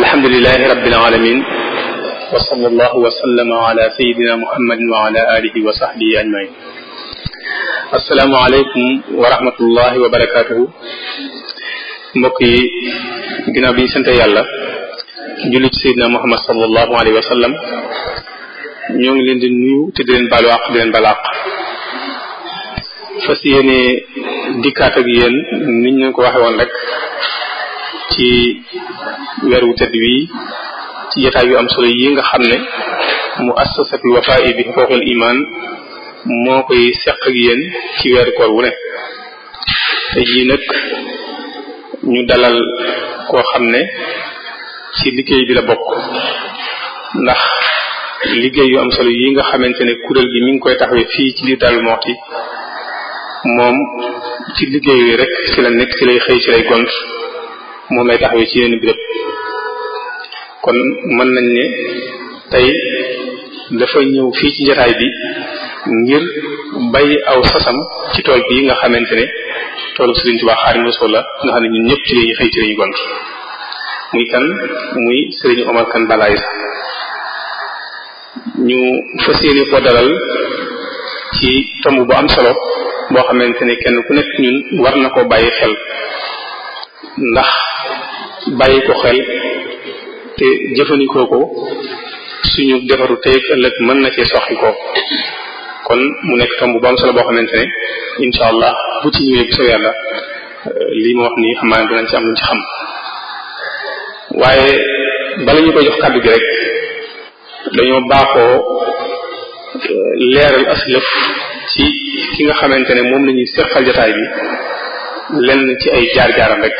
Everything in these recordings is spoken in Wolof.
alhamdulilahi rabbil alamin wa sallallahu wa sallama ala sayidina muhammadin ajmain assalaamu aleykum wa rahmatullahi wa barakatuhu mbokk yi ginnaaw bi ñu sant yàlla julli ci sayidina muhammad sallallahu alayhi wa sallam ngi leen di nuyu te di leen baalu ko waxe woon rek ci weer wu tedd wi ci jotaay yu am solo yii nga xam ne mu assasatul wafa'i bi huquqil iman moo koy seq ak yéen ci weeru koor wu ne te jii nag ñu dalal koo xam ne ci liggéey bi la bokk ndax liggéey yu am solo yii nga xamante ne kuréel gi mi ngi koy taxawee fii ci biir Darou Moukhty moom ci liggéey rek ci la nekk ci lay xëy ci lay gont moom lay taxawee ci yenn béréb kon mën nañ ne tey dafa ñëw fii ci jataay bi ngir bàyyi aw sasam ci tool bii nga xamante ne toolu Sëriñ la nga xam ne ñun ñëpp ci lañuy xëy ci lañuy gont muy kan muy Sëriñ Omar Kane Balaye ñu fas yéene ko dalal ci tomb bu am solo boo xamante ne kenn ku nekk ñun war na koo bàyyi xel ndax bàyyi ko xel te jëfandikoo ko suñu defaru tey ëllëg mën na ci soxi ko kon mu nekk tomb bu am solo boo xamante ne incha allah bu ci ñëwee bu soobee yàlla euh, lii ma wax nii xamaa dinañ ci am luñ ci xam waaye bala ñu ko jox kàddu gi rek dañoo baaxoo euh, leeral aslëf ci ki nga xamante ne moom lañuy sëqal seqal jotaay bi lenn ci ay jaar-jaaram rek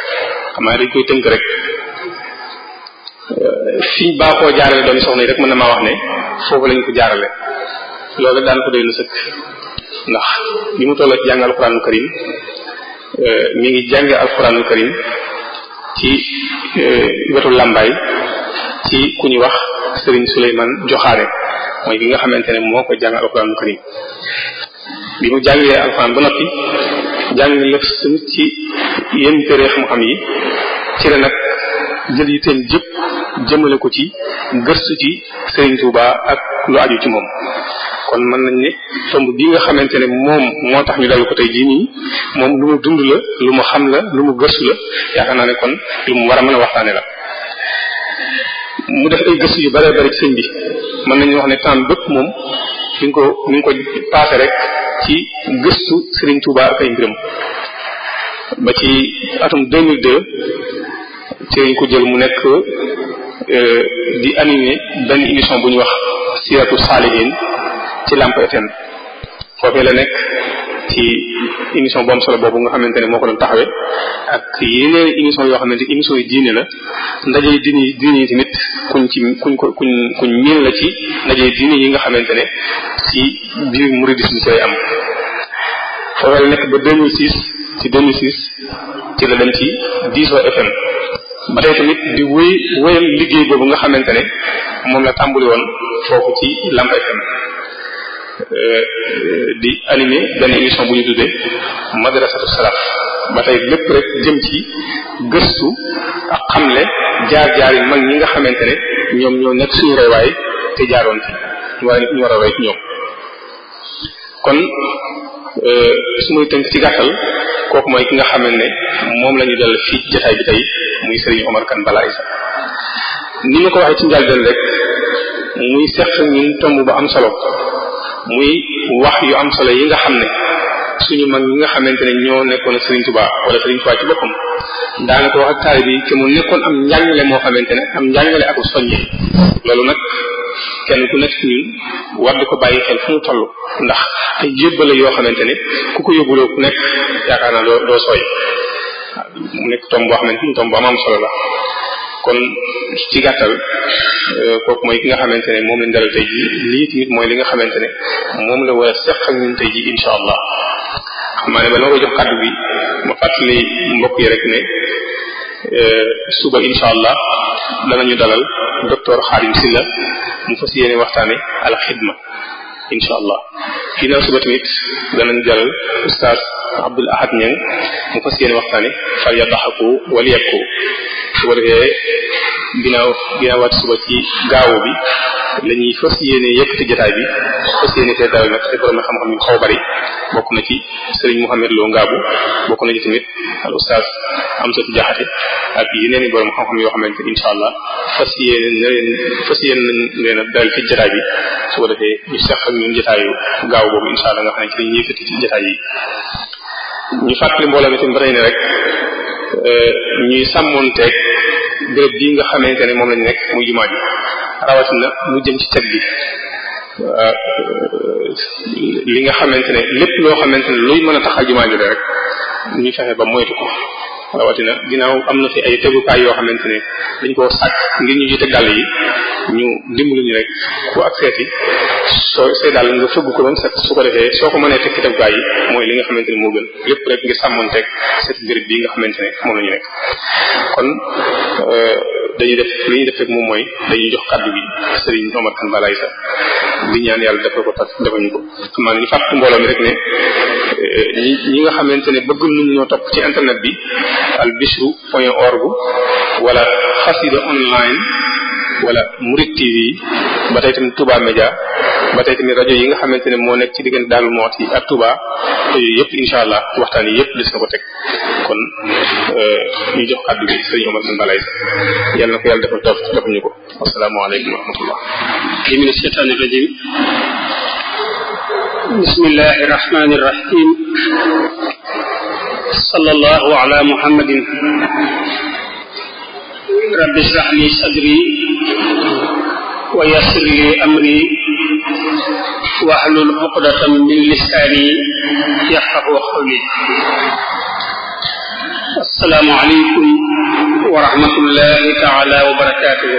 xam naa koy tënk rek euh, fiñ baaxoo jaarale doomi soxna yi rek mën na maa wax ne foofu lañ ko jaarale loolu daan ko doy lu sëkk ndax bi mu tolloo ci jàng alxuraanul karim euh, mi ngi jànge alxuraanul karim ci euh, wetu làmbaay ci ku ñu wax sëriñ Suleymaan Joxaane mooy bi nga xamante ne moo ko jàng alxuraanul jàngee alxuraan ba noppi jàngale suñu ci yenn téere xam-xam yi ci la nag jël yi teen jëpp jëmale ko ci gëstu ci Serigne Touba ak lu aju ci moom kon mën nañ ne tomb bi nga xamante ne moom moo tax ñu dal ko tey jii nii moom lu mu dund la lu mu xam la lu mu gëstu la yaakaar naa ne kon lu mu war a mën a waxtaane la mu def ay gëstu yu bare bare ci sëñ bi mën nañu wax ne temps bépp moom mi ngi ko mi ko paase rek ci gëstu Serigne Touba ak ay ba ci atum 2002 ci lañ ko jël mu nekk euh, di animé benn émission bu ñu wax Siratu Salihin ci Lamp FM foofee nekk ci émission bu solo boobu nga xamante ne moo ko doon taxawee ak yeneen émission yoo xamante émission yi diine la ndaje diine diine yi tamit kuñ ci kuñ ko kuñ kuñ miin la ci ndaje diine yi nga xamante ne ci biir mouridisme koy am ci 2006 ci la dem ci Diso FM ba tey tamit di wéy wéyal liggéey boobu nga xamante ne moom la tàmbali woon foofu ci Lamp FM Euh, di animer benn émission bu ñu tuddee madrasatu salaf ba tey lépp rek jëm ci gëstu ak xamle jaar-jaar mag ñi nga xamante ne ñoom ñoo nekk suñu roywaay te jaaroon ci ñu war a ñu ñoom kon euh, su tënk ci gàttal kooku mooy ki nga xamante ne moom la ñu dal fii jotaay bi tey muy Serigne Omar Kane Bala Issa ni ma ko waxee ci njàlbeen rek muy seq ñun tomb ba am solo muy wax yu am solo yi nga xam ne suñu mag yi nga xamante ne ñoo nekkoon ak Serigne Touba wala Serigne Touba ci boppam daanaka wax ak taalibe yi te mu nekkoon am njàngale moo xamante ne am njàngale ak soññee loolu nag kenn ku nekk ñun war di ko bàyyi xel fu mu ndax ay jébbale yoo xamante ne ku ko yóbbuloo ku nekk yaakaar naa doo doo sooy mu nekk tomb boo xamante ni tomb bu am am solo la kon ci gàttal euh, kooku mooy ki nga xamante ne moom lañ dalal tey ji lii tamit mooy li nga xamante ne moom la war a seq ak ñun tey ji incha allah xam bala ma koy jox kàddu bi ma fàttali mbokk yi rek ne euh, suba incha allah danañu dalal docteur Xaadim Silla mu fas yéene waxtaane al xidma incha allah ginnaaw suba tamit danañ jàll oustaz Abdul Ahad Ñang mu fas yéene waxtaane fal yadaxaku wal yabku su ko ginnaaw ginnaawaat suba ci gaawu bi la ñuy fas yéene yëkkati jotaay bi fas yéene te daal nag ay borom na xam-xam yu xaw bari bokk na ci Serigne Mouhamed Lo Ngaabu bokk na ci tamit al oustaz Amsatu Jaxate ak yeneen i borom xam-xam yoo xamante incha allah fas yéene na leen a daal fi jotaay bi su ko defee ñu gaaw boobu incha allah nga xam ne ci lañuy yëkkati ci jotaay ñu fàttali mbooloo mi tamit ba tey ne rek euh, ñuy sàmmoonteeg. béréb bii nga xamante ne moom lañu nekk muy jumaa ji rawatina lu jëm ci tëj bi li nga xamante ne lépp loo xamante ne luy mën a tax a jumaa ji rek ñu fexe ba moytu ko rawatina ginnaaw am na fi ay tegukaay yoo xamante ne dañ ko sàcc ngir ñu jiite dàll yi ñu dimbali ñu rek ku ak seeti soo see dàll nga fëgg ko ba mu set su ko defee soo ko mënee teg ci tegukaay yi mooy li nga xamante ne moo gën lépp rek ngir sàmmonteeg seeti béréb bi nga xamante ne moom la nekk kon euh, dañuy def li ñuy def rek moom mooy dañuy jox kàddu bi Serigne Omar Kane Balaye sa di ñaan yàlla defal ko tax defal ñu ko man ni fàttu mbooloo mi rek ne euh, ñi ñi nga xamante ne bëgg nañ ñoo topp ci internet bi al bichru point org wala xasida online wala Murid TV ba tey tamit Touba Média ba tey tamit rajo yi nga xamante ne moo nekk ci diggante Darou Moukhty ak Touba te yooyu yëpp incha allah waxtaan yi yëpp des na ko teg kon euh, ñu jox kàddu bi sëñ Omar Sane Balaye yàlla na ko yàlla defal topp defuñu ko asalaamaaleykum wa rahmatullah. mina shaytaani rajim bismillahi sallallahu ala muhammadin rabbi shrah li sadri wa yassir li amri wahlul uqdatan min lisaani yafqahu qawli assalaamu aleykum wa rahmatullahi taala wa barakatuhu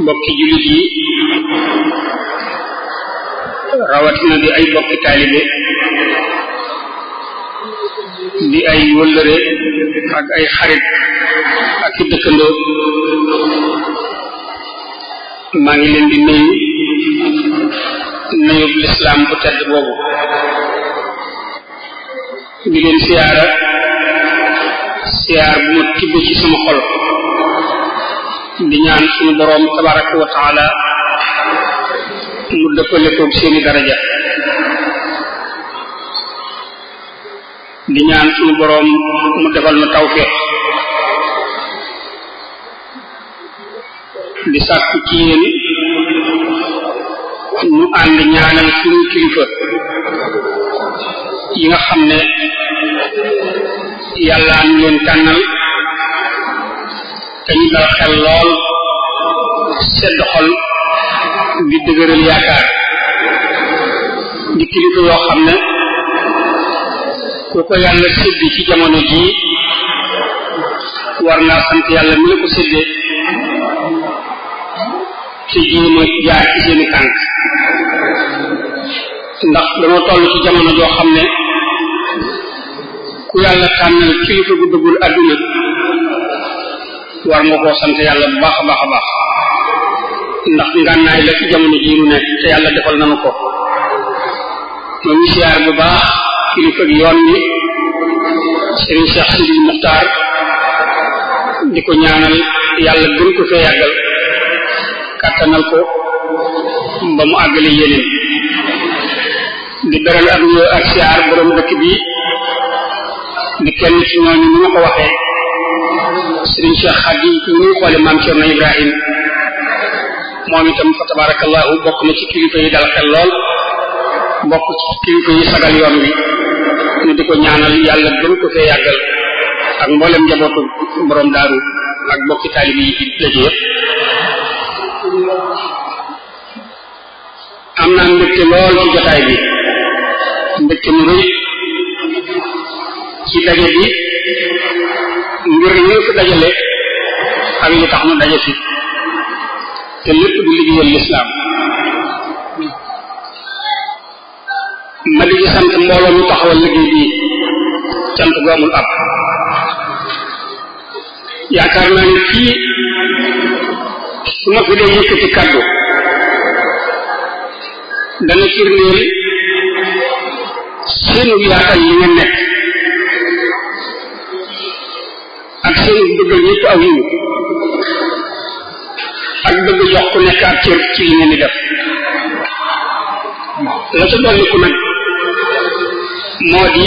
mbokki jullit yi rawatina di ay bokki taalibe di ay wëllëre ak ay xarit ak i dëkkandoo maa ngi leen di nuyu nuyub lislaam bu tedd boobu di leen siyaara siyaar bu ma tibb ci sama xol di ñaan suñu boroom tabaraka wa mu dëppale koog seeni daraja di ñaan suñu boroom mu defal na tawfiq di sàkk ci yéen ñu ànd ñaanal suñu kilifa yi nga xam ne yàlla ñu leen tànnal te ñu dal xel lool sedd xol di dëgëral yaakaar di kilifa yoo xam ne ku ko yàlla sédd ci jamono jii war naa sant yàlla mi la ko séddee ci jéem a jaar seeni tànk ndax dañoo toll ci jamono joo xam ne ku yàlla tànnal kilifa gu dëggul àdduna war nga koo sant yàlla bu baax a baax a baax ndax ngànnaay la ci jamono jii mu nekk te yàlla defal nanu ko ñooñu siyaar bu baax kilifa yoon wi sëriñ Cheikh Sidi Muxtaar di ko ñaanal yàlla gën ko fee yàggal kàttanal ko ba mu àggale yeneen di beral ak nuyoo ak siyaar borom dëkk bi di kenn ci ñooñu ni ma ko waxee sëriñ Cheikh Xadi ci ñu xoole maam Cerno Ibrahim moom itam fa tabarakallahu bokk na ci kilifa yi dal xel lool bokk ci kilifa yi sagal yoon wi nu di ko ñaanal yàlla gën ko fee yàggal ak mboolem njabootu borom daaru ak bokki taalibi yi daje yëpp am naa mbégte lool ci jotaay bi mbégte mu rëy ci daje bi ngir ñu fi dajale ak li tax nu daje fi te lépp du liggéeyal lislaam ma di ci sant mbooloo mu taxawal liggéey bii cant gu ab yaakaar naa ni fii su ma fi dee yëkkati kàddu dana firndeel seenu yaatal yi ngeen nekk ak seenu bëggal ñëpp aw yiw ak bëgg jox ku nekk ak cër ci li ngeen di def la ca dolliku nag moo di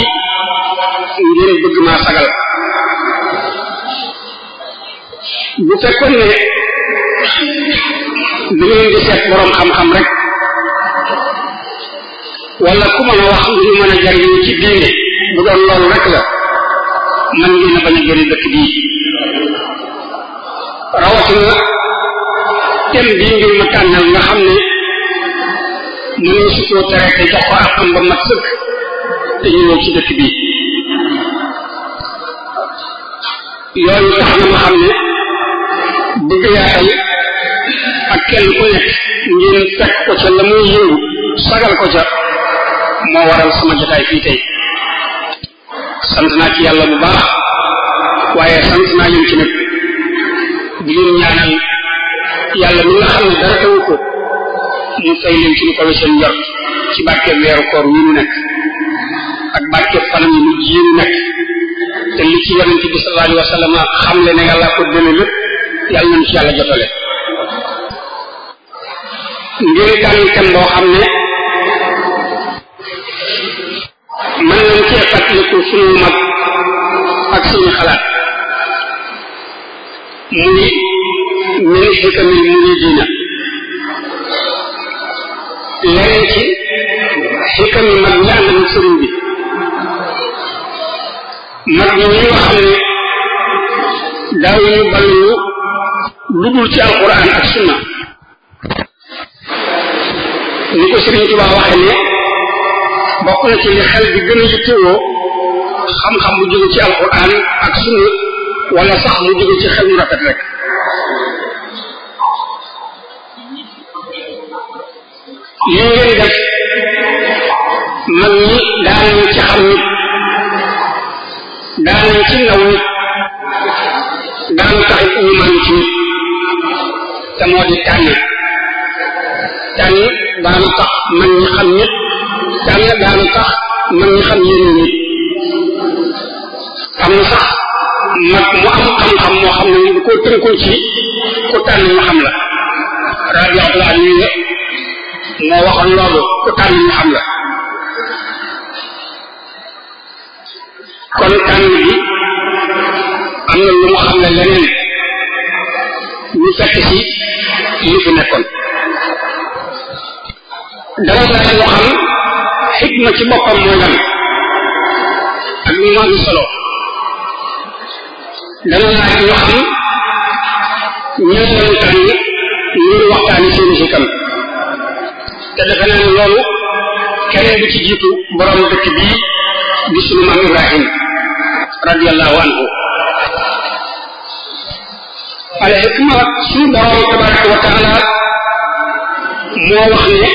ngeen bëgg maa sagal bu fekkoon ne da ngeen di seet boroom xam-xam rek wala ku mën a wax lu ñu mën a jariñu ci diine bu doon loolu rek la man ngeen a bañ a gëri dëkk bii rawatina tem bii ngir mu tànnal nga xam ne mënuñu si tere te jox ko ak am mat sëkk te ñu ci dëkk bi yooyu tax xam ne bëgg yaatal ak kenn ku nekk ngeen teg ko ca la muy yëngu sagal ko ca moo waral sama jotaay fii tey sant naa ci yàlla bu baax waaye sant naa leen ci nag di leen ñaanal yàlla mi nga xam ne dara tawu mu fay leen ci lu ko seen njort ci barke weeru koor wi mu nekk ak barkeb fanam yi mujj yi nekk te li ci yonente bi sallallahu alayhi wa sallam xam le ne yàlla ko dëne lépp yàlla nañ ci yàlla jotale ngir tànn kan boo xam ne mën nañ cee fàttaliku suñu mag ak suñu xalaat muy min xikami muridina lenn ci xikami mag ñi ànd ak sëriñ bi mag ñi ñuy wax ne daawuñu ballu lu dul ci alquran ak sunna ni ko Sëriñ Tuubaa waxe ne bokk na ci li xel bi gën a yittewoo xam-xam bu jóge ci alquran ak sunna wala sax mu jóge ci xel mu rafet rek li ngeen def man ñi daan ci xam daanañ ci law nit daanu taxit ñu mën ci te moo di tànn tànn daanu tax man ñi xam nit tànn daanu tax sax mu am xam-xam moo xam ne du ko tënkul ci ku tànn ñu xam la radiyallahu anhu moo waxoon loolu ku tànn ñu xam la kon tànn bi am na lu mu xam ne leneen ñu fekk ci li fi nekkoon dara dara ñu xam xikma ci boppam mooy lan ak ñu ngi solo dana laaj ñu xam ñan lañu tànn ngir waxtaani seeni xikam te defe naa loolu kenn du ci jiitu borom dëkk bii di sunu maam Ibrahim radiyallahu anhu al hikma suñu borom tabaraka wa taala moo wax ne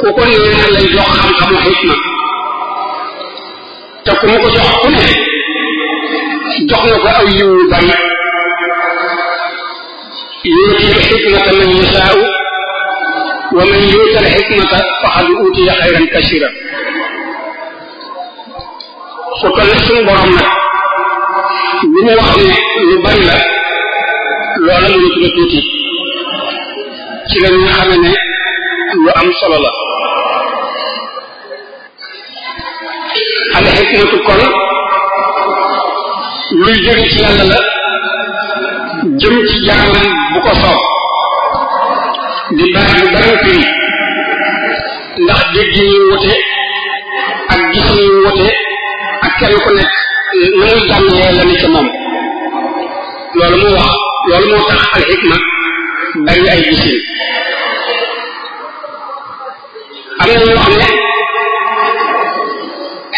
ku ko neex lay jox xam-xamu hikma te ku mu ko jox ku ne jox na ko aw yiw yu bari yuuti hikmata man yasaa'u wa man yuutal xikmata faqad uutiya xayran kasira su toll suñu borom nag li mu wax ne lu bari la loola lu ñu tudd tuuti ci la ñu xame ne lu am solo la al xikmatu kon luy jóge ci yàlla la jëm ci jaaram bu ko soob di baat yu bare firi ndax dégg yi wute ak gis yi wute ak kenn ku nekk na muy la ni ca loolu mu wax loolu moo tax al xikma bari ay gisin am na ñoo xam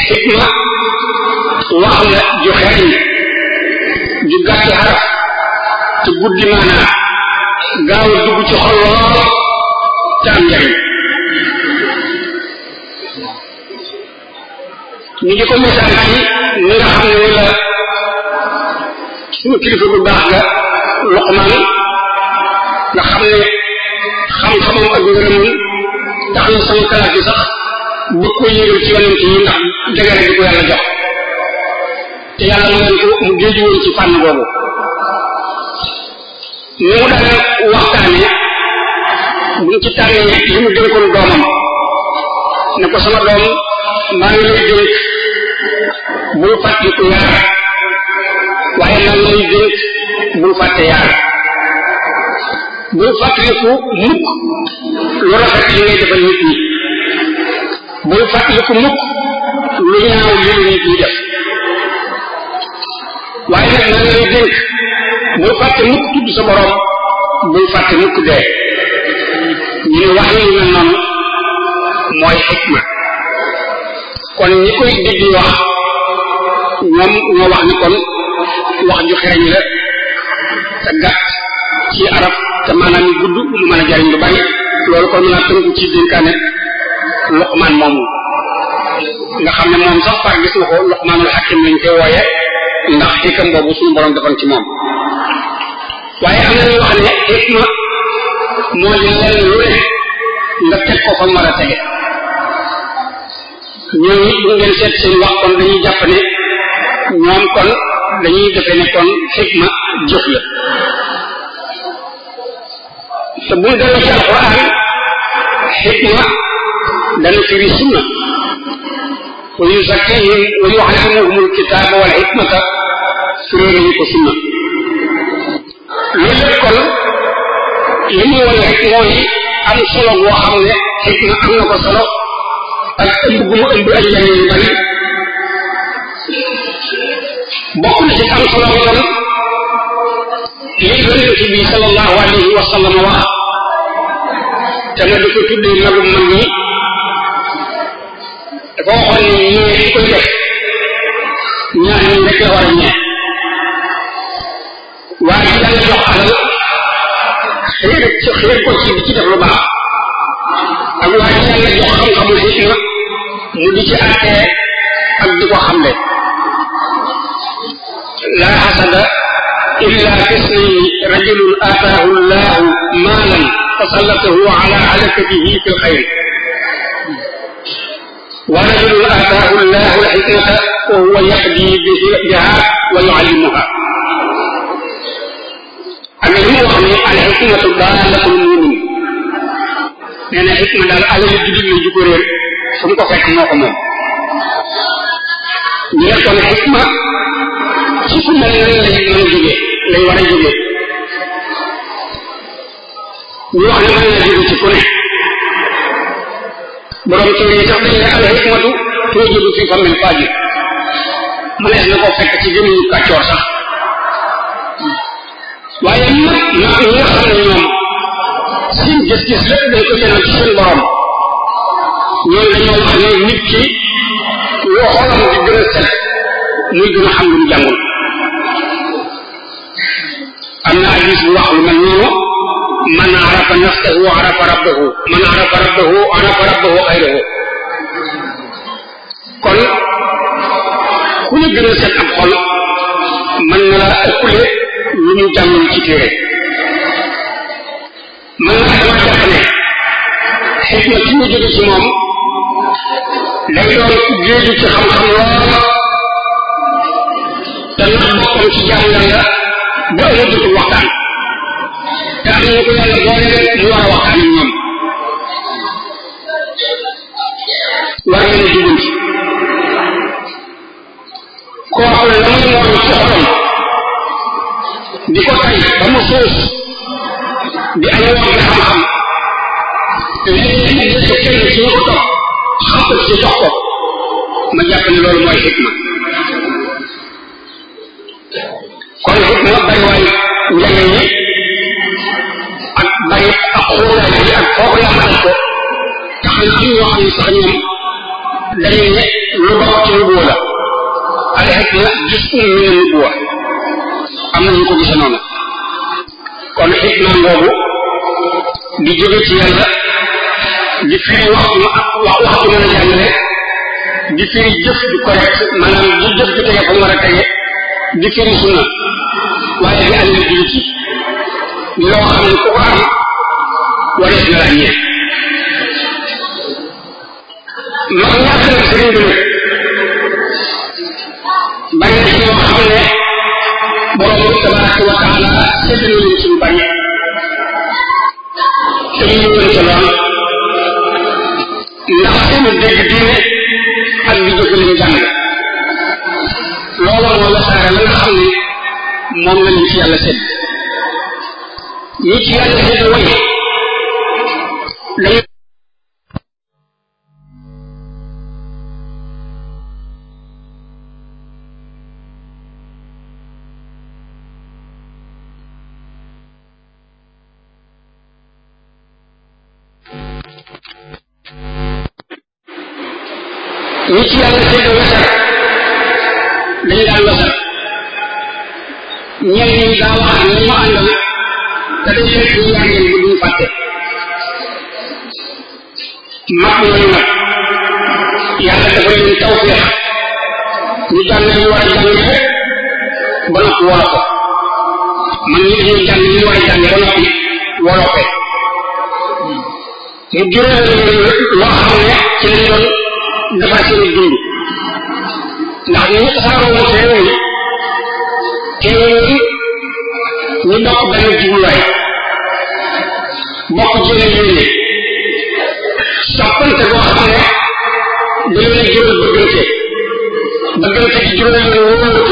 xikma wax la ju xeet yi ju gàtt xaraf te guddi maanaa gaaw a dugg ci xol lool te am njariñ ko misaal ci ni nga ne ni la suñu kilifa bu baax ga Luqmaan nga xam ne xam-xamam ak ngërëmam tax na sama kalaat bi sax bëgg ko yëngal ci yonent yi ndax dëgëre bi ko yàlla jox te yàlla mu leen mu géeju woon ci fànn boobu ni mu daan waxtaane buñ ci tànnee li mu dénkoon doomam ne ko sama doom maa ngi lay dénk bul fàttiku yar waaye maa ngi lay mukk lu rafet lu ñaaw li waaye nag maa ngi bul fàtte mukk tudd sa borom bul fàtte mukk dee ñu ne wax yu mel noonu mooy xikma kon ñi koy dégg wax ñoom ñoo wax ni kon wax ju xereñ la te gàtt ci arab te maanaam yi gudd lu mën a jariñ lu bari loolu kon mën a tënku ci dénkaane Luqmaan moomu nga xam ne moom sax par gis nga ko Luqmaanul Hakim lañ koy wooye ndax xikam boobu suñu borom defoon ci moom waaye am na ñu wax ne xikma moo di lenn lu ne nga teg ko fa mu war ñoom kon dañuy jàpp ne kon dañuy defe ne kon xikma jëf la te buñ dellu ci alquran xikma wa yuzakkihim wa yuallimuhum alkitaba wal hikmata suréerañu ko sunna loolu lépp kon li mu wane rek mooy am solo boo xam ne xikma am na ko solo ak ëmb gu mu ëmb ay njëriñ yu bari bokk na ci am solo kon lii yonent bi sallallahu alayhi wa sallam wax te na di ko tuddee magum mag ñi dafa waxoon ne ñëw dañ koy def ñaar ñi rek la war a ñee waaye ci daan la jox alal xëy ci xëy ko ci ci def lu baax ak waaye ci daan la jox xam-xamul xikma mu di ci attee ak di ko xamle la xasada illa kisni rajulun aataahu llahu maalan fasallatahu ala alakatihi fi lxayri wa rajulun aataahu llahu alxikmata wa huwa yaxdi biha wa yuallimuha am na li mu wax ne alxikmatu daalatul mumin nee na xikma daal alali julit la ju ko réer fu mu ko fekk moo ko moom ñu ne kon xikma ci fu mel nan lay mën a jógee lay war a jógee ñu wax ne mën na jóge ci ku ne borom tur yi tax dañ fi famil fajir mënees na ko fekk ci gémmiñu kàccoor sax waaye nag naa ñi xam ne ñoom seen gis-gis lépp dañ ko jëlee ci seen borom ñoom dañoo ne nit ki loo xolam di gën a set muy gën xam lu mu jàngul am na ay gis wax lu mel noonu man arafa nafsahu arafa rabbahu man arafa rabbahu arafa rabbahu xayrahu kon ku la gën a set ab xol mën na laa ëppale lu ñu jàngul ci téere mën na dama jàpp ne xikma ci mu jóge ci moom day doon géeju ci xam-xam lool te nag boppam ci jàng la ba ëllëgatul waxtaan te am na ko yàlla boole leen mu war a waxtaan ak ñoom war la muy noonu ci di ko tay ba mu di ay woon nga xam-xam léegi ñu ko kenn suñu ko topp xam ko ci jox ko ma jàpp ne loolu mooy xikma kon xikma bariwaay njëriñ yi bari ak xuuraay bi ak foo ko yàqal ko tax na am ñoo xam ne sax ñoom dañuy ne lu bokk ci nubuwa la alxekk la gis um mine nubuwa am na ñu ko gisa noonu kon xikma ngoogu di jóge ci yàlla di firi wax wax wax ju mën a jàngale di firi jëf ju correct maanaam di jëf ju tege fa mu war a tege di firi sunna waaye di ànd ak jullit yi loo xam ne ku ko am warees na ràññee mag ñaa xam sëriñ bi nag bari na ci ñoo xam ne borom tabaraka wa taala séddale leen suñu bari te ñu woon ca lool ndax la la ñu ci yàlla sedd ñu ci yàlla lay ñi ci yàlla seede wasar dañ daan wasar ñenn ñi daa wax ak ñi mu àndal te dañ leen ñu yàggeen bu duñ fàtte mag ñooñu nag yàlla dafa leen tawfeex ñu li ñu war a jàng yëpp ba noppi wolofe man nit ñu jàng li ñu war a jàng ba noppi wolofe mu juróom loo xam ne ci lañ doon defar seen dund ndax ñu tasaaroo woon ci réew mi kenn ñi ñu bokk benn jubluwaay bokk seen yéene soppante boo xam ne dañu lay jural bëggante bëggante ci jural la wóorante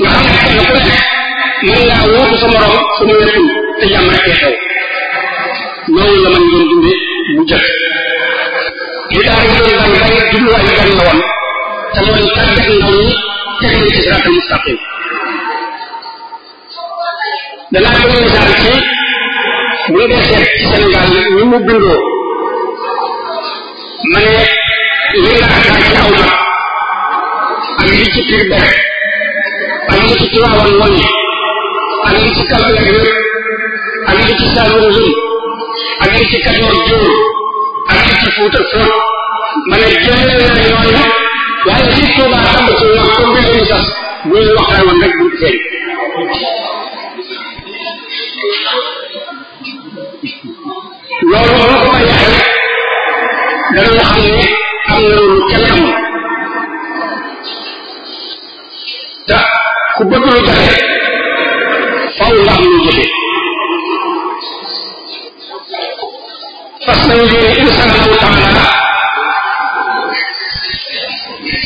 nga xam ne kenn ku nekk mën ngaa wóotu sa morom suñu wetul te jàmm rek xew loolu la man doon dunde bu jëkk li daal di doon bañ bañ jubluwaay bi bañ la te moo di tàggat ndaw ñi teg danaa gën a misaal ci bu ñu seet ci Sénégal ni mu bindoo ma ne li nga xaar ci aw nag ak li ci biir dara ak li ci tuwaawan wone ak li ci kawlak rek ak li ci saalum lum ak li ci kajoor jóor ak li ci fuuta fóot ma ne jëlee naa yooyu waaye si tuubaa xam ci wax ko mbir mi sax bu ñu waxtaanoon rek bu feeñ dañoo xam ne am na loolu kenn amul te ku bëgg lu jafe faw nga am lu jafe fas nañ yéene insha allahu taala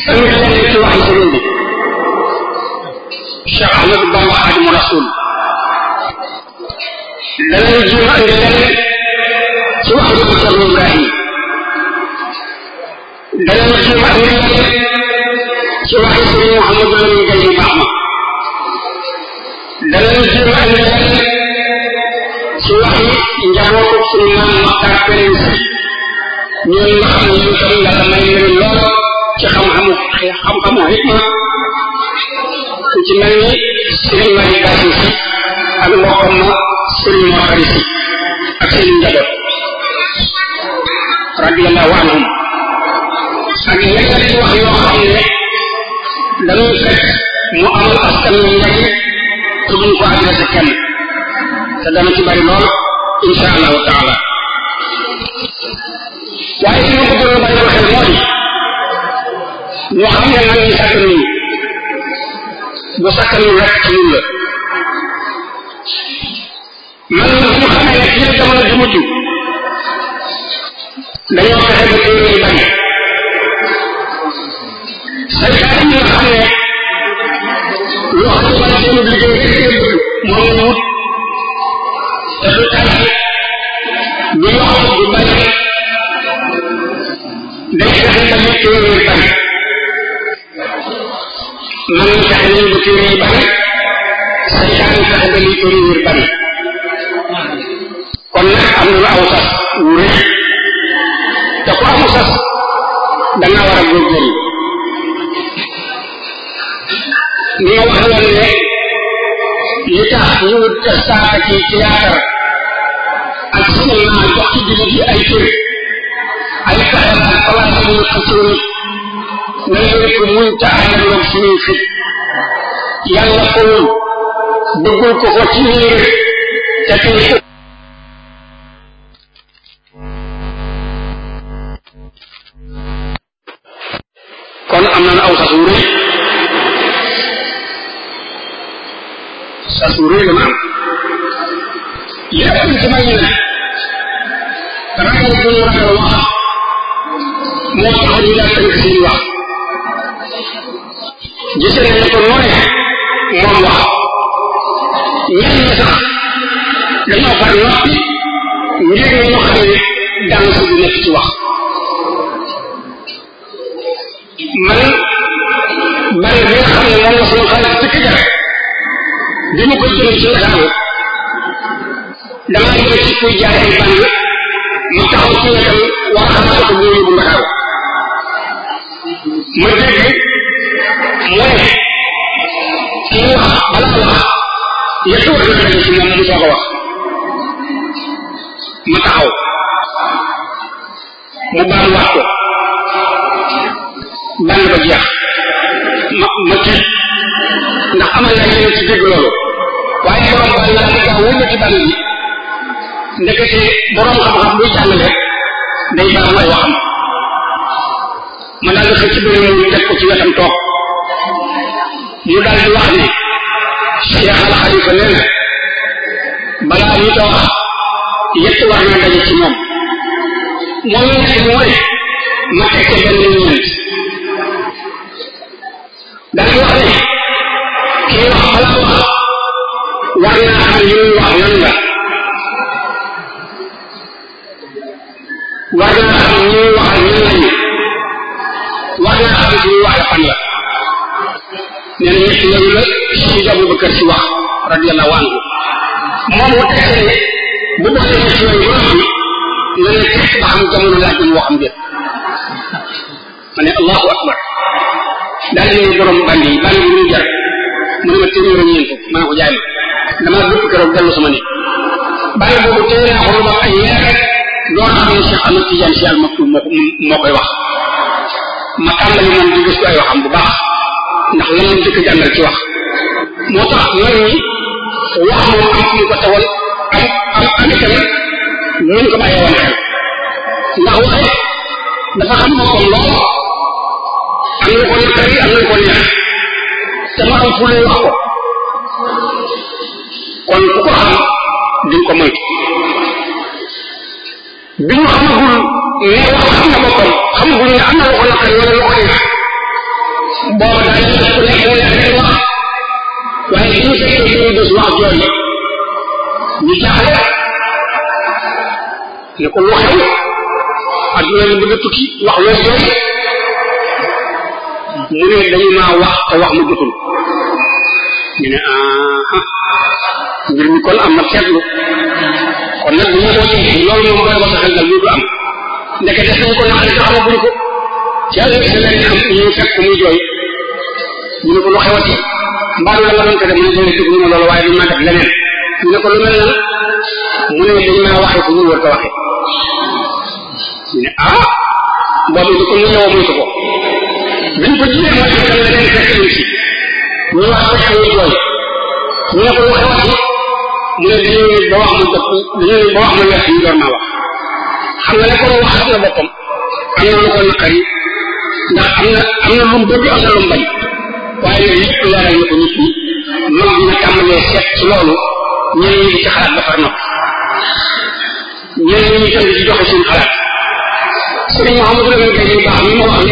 dañu leen ci waxal sëriñ bi Cheikh Ahmadou Bamba Xaadimu Rasul danañ jéem a indi lenn ci waxal ko Cheikh Ibrahim beneen xiim ak njëriñ ci waxi sëriñ Mouhamadou Lamine Gueye mu baax ma beneen xiim ak njëriñ ci waxi njabootu suñu maam Maxtaar Pérez ñoom nga xam ne ñoom tam yàlla may leen lool ci xam-xamu xam-xamu xikma ku ci mel ni sëriñ Mari Gassi si ak mbokkam ma sëriñ Mor Xari si ak seen njaboot radiyallahu anhum ak ñetti wax yoo xam ne dañuy fekk mu amal askan wi ndaje te buñ ko adressé kenn te dana ci bari lool insha allahu taala waaye suñu ko gënoon bàyyi xel mooy ñu xam ne nag ñu sàkkan ñu bu sàkkan ñu rek ci ñun la man na suñu xamee ne ci jamono ji mujj dañoo fexe ba téere yi bari ay xeetam yoo xam ne yoo xam ne wala seen liggéey liggéey bëgg moom la wut wax du bari day fexe tamit téere yi bari mën na fexe nañu ba téere wu rëy te ku amu sas danga war a ni ma waxaloon li tax ñu wut saaka ci théâtre ak cinéma jox ci jullit yi ay cër ay taxal ak place yu ñu xëccoon nañ leen ko muñ te àndaloog suñuy fit yàlla ko duggul ko ko ci niir te kon am nañ aw sas bu rëy la ma am lépp bu ñu ragal moo tax ñu daal tënk seen wax gisee nañ ko noone moom wax ñenn sax dañoo far noppi ngir ñu xam ne daanaka nekk ci wax man man bi nga xam ne moom la suñu xalaat bi ma ko jëlee ci gannaaw damaa ñëw ci kuy jaay ay bànn taxaw ci wetam war a xam ko bu yóbbu Ndakaaru ma dégg mu ne ki ñu wax bala ko wax ma taxaw mu baal wax ko bànn ba jeex ma ma tiit ndax amal na leen ci dégg loolu waaye borom bàyyi la gaa wëlba ci xam-xam buy jàngale day bëri mu teg ko ci wetam toog mu daal di wax ne Cheikh Al Khalifa nee na balaa ñu ko wax yett war naa daje ci moom moom la nekk mooy ma teg ko benn ñeent daal di wax ne kii wax xalaat war naa xam li muy wax lan la war naa xam li muy waxal ñan lañu war naa xam li muy waxee fan la nee na ñett yooyu la si Abubakar si wax radiyallahu anhu moom mu teg ne bu doxee ñett yooyu ba xam na ne teg ba xam jamono laaj ñu waxam jël ma ne allahu akbar daal ne borom bandi bandi lu jar mu ne ma téeméer ak ñeent ma ne ko jaay ma damaa dëpp keroog dellu sama nit bàyyi boobu téye naa ko lu ay weer rek loolu xam ne Cheikh Ahmad Tidiane Sy Al Maktoum moo ko moo koy wax ma tàmbali man di gëstu ay waxam bu baax ndax lan lañ dëkk jàngal ci wax moo tax ñoom ñi wax moom am fu ñu ko teewal am am am itamit ñu ko bàyyee woon xel ndax waxe dafa xam boppam lool am na ko naqari am na ko neex te mu am fu lay wax ko kon ku ko xam di ko moytu bi ñu xamagul ne wax xam na boppam xamagul ne am na lu ko naqari wala lu ko neex booba daal ñu ku nekk ñu nekk di wax waaye bi ñu fekkee ñu gis wax jooju ñu jaaxle ne ko lu xew adduna bi bëgg a tukki wax loolu jooju mu ne dañu maa wax te wax ma jotul ñu ne ah mbir mi kon am na seetlu kon nag bu ñu ko limee loolu moom mooy wax xel la lu du am ndeke def nañ ko naan te xamaguñ ko ci àll bi dañ leen am ñu fekk muy jooy ñu ne ko lu xewati mbaalu la nga doon tere mu ne doon dugg ñu ne loolu waaye dañ maa def leneen ñu ne ko lu mel nan mu ne dañ maa waxee fu ñu war ko waxee ñu ne ah boobu du ko ñu ñëw moytu ko biñ ko gisee mooy xam ne dañ fekk ñu ci ñu wax ko xew jooy wax ma wax ma wet yi wax xam wax la boppam am na lu ko am na am na lu mu bëgg am na lu mu bañ waaye yooyu yëpp leeral na ko nit ñi moom dina tàmbalee seet ci loolu ñeneen ñi di ci xalaat ba far nopp ñeneen ñi itam di ci joxe seen xalaat sëriñ Mouhamadou Lamine Gueye baax mi ma wax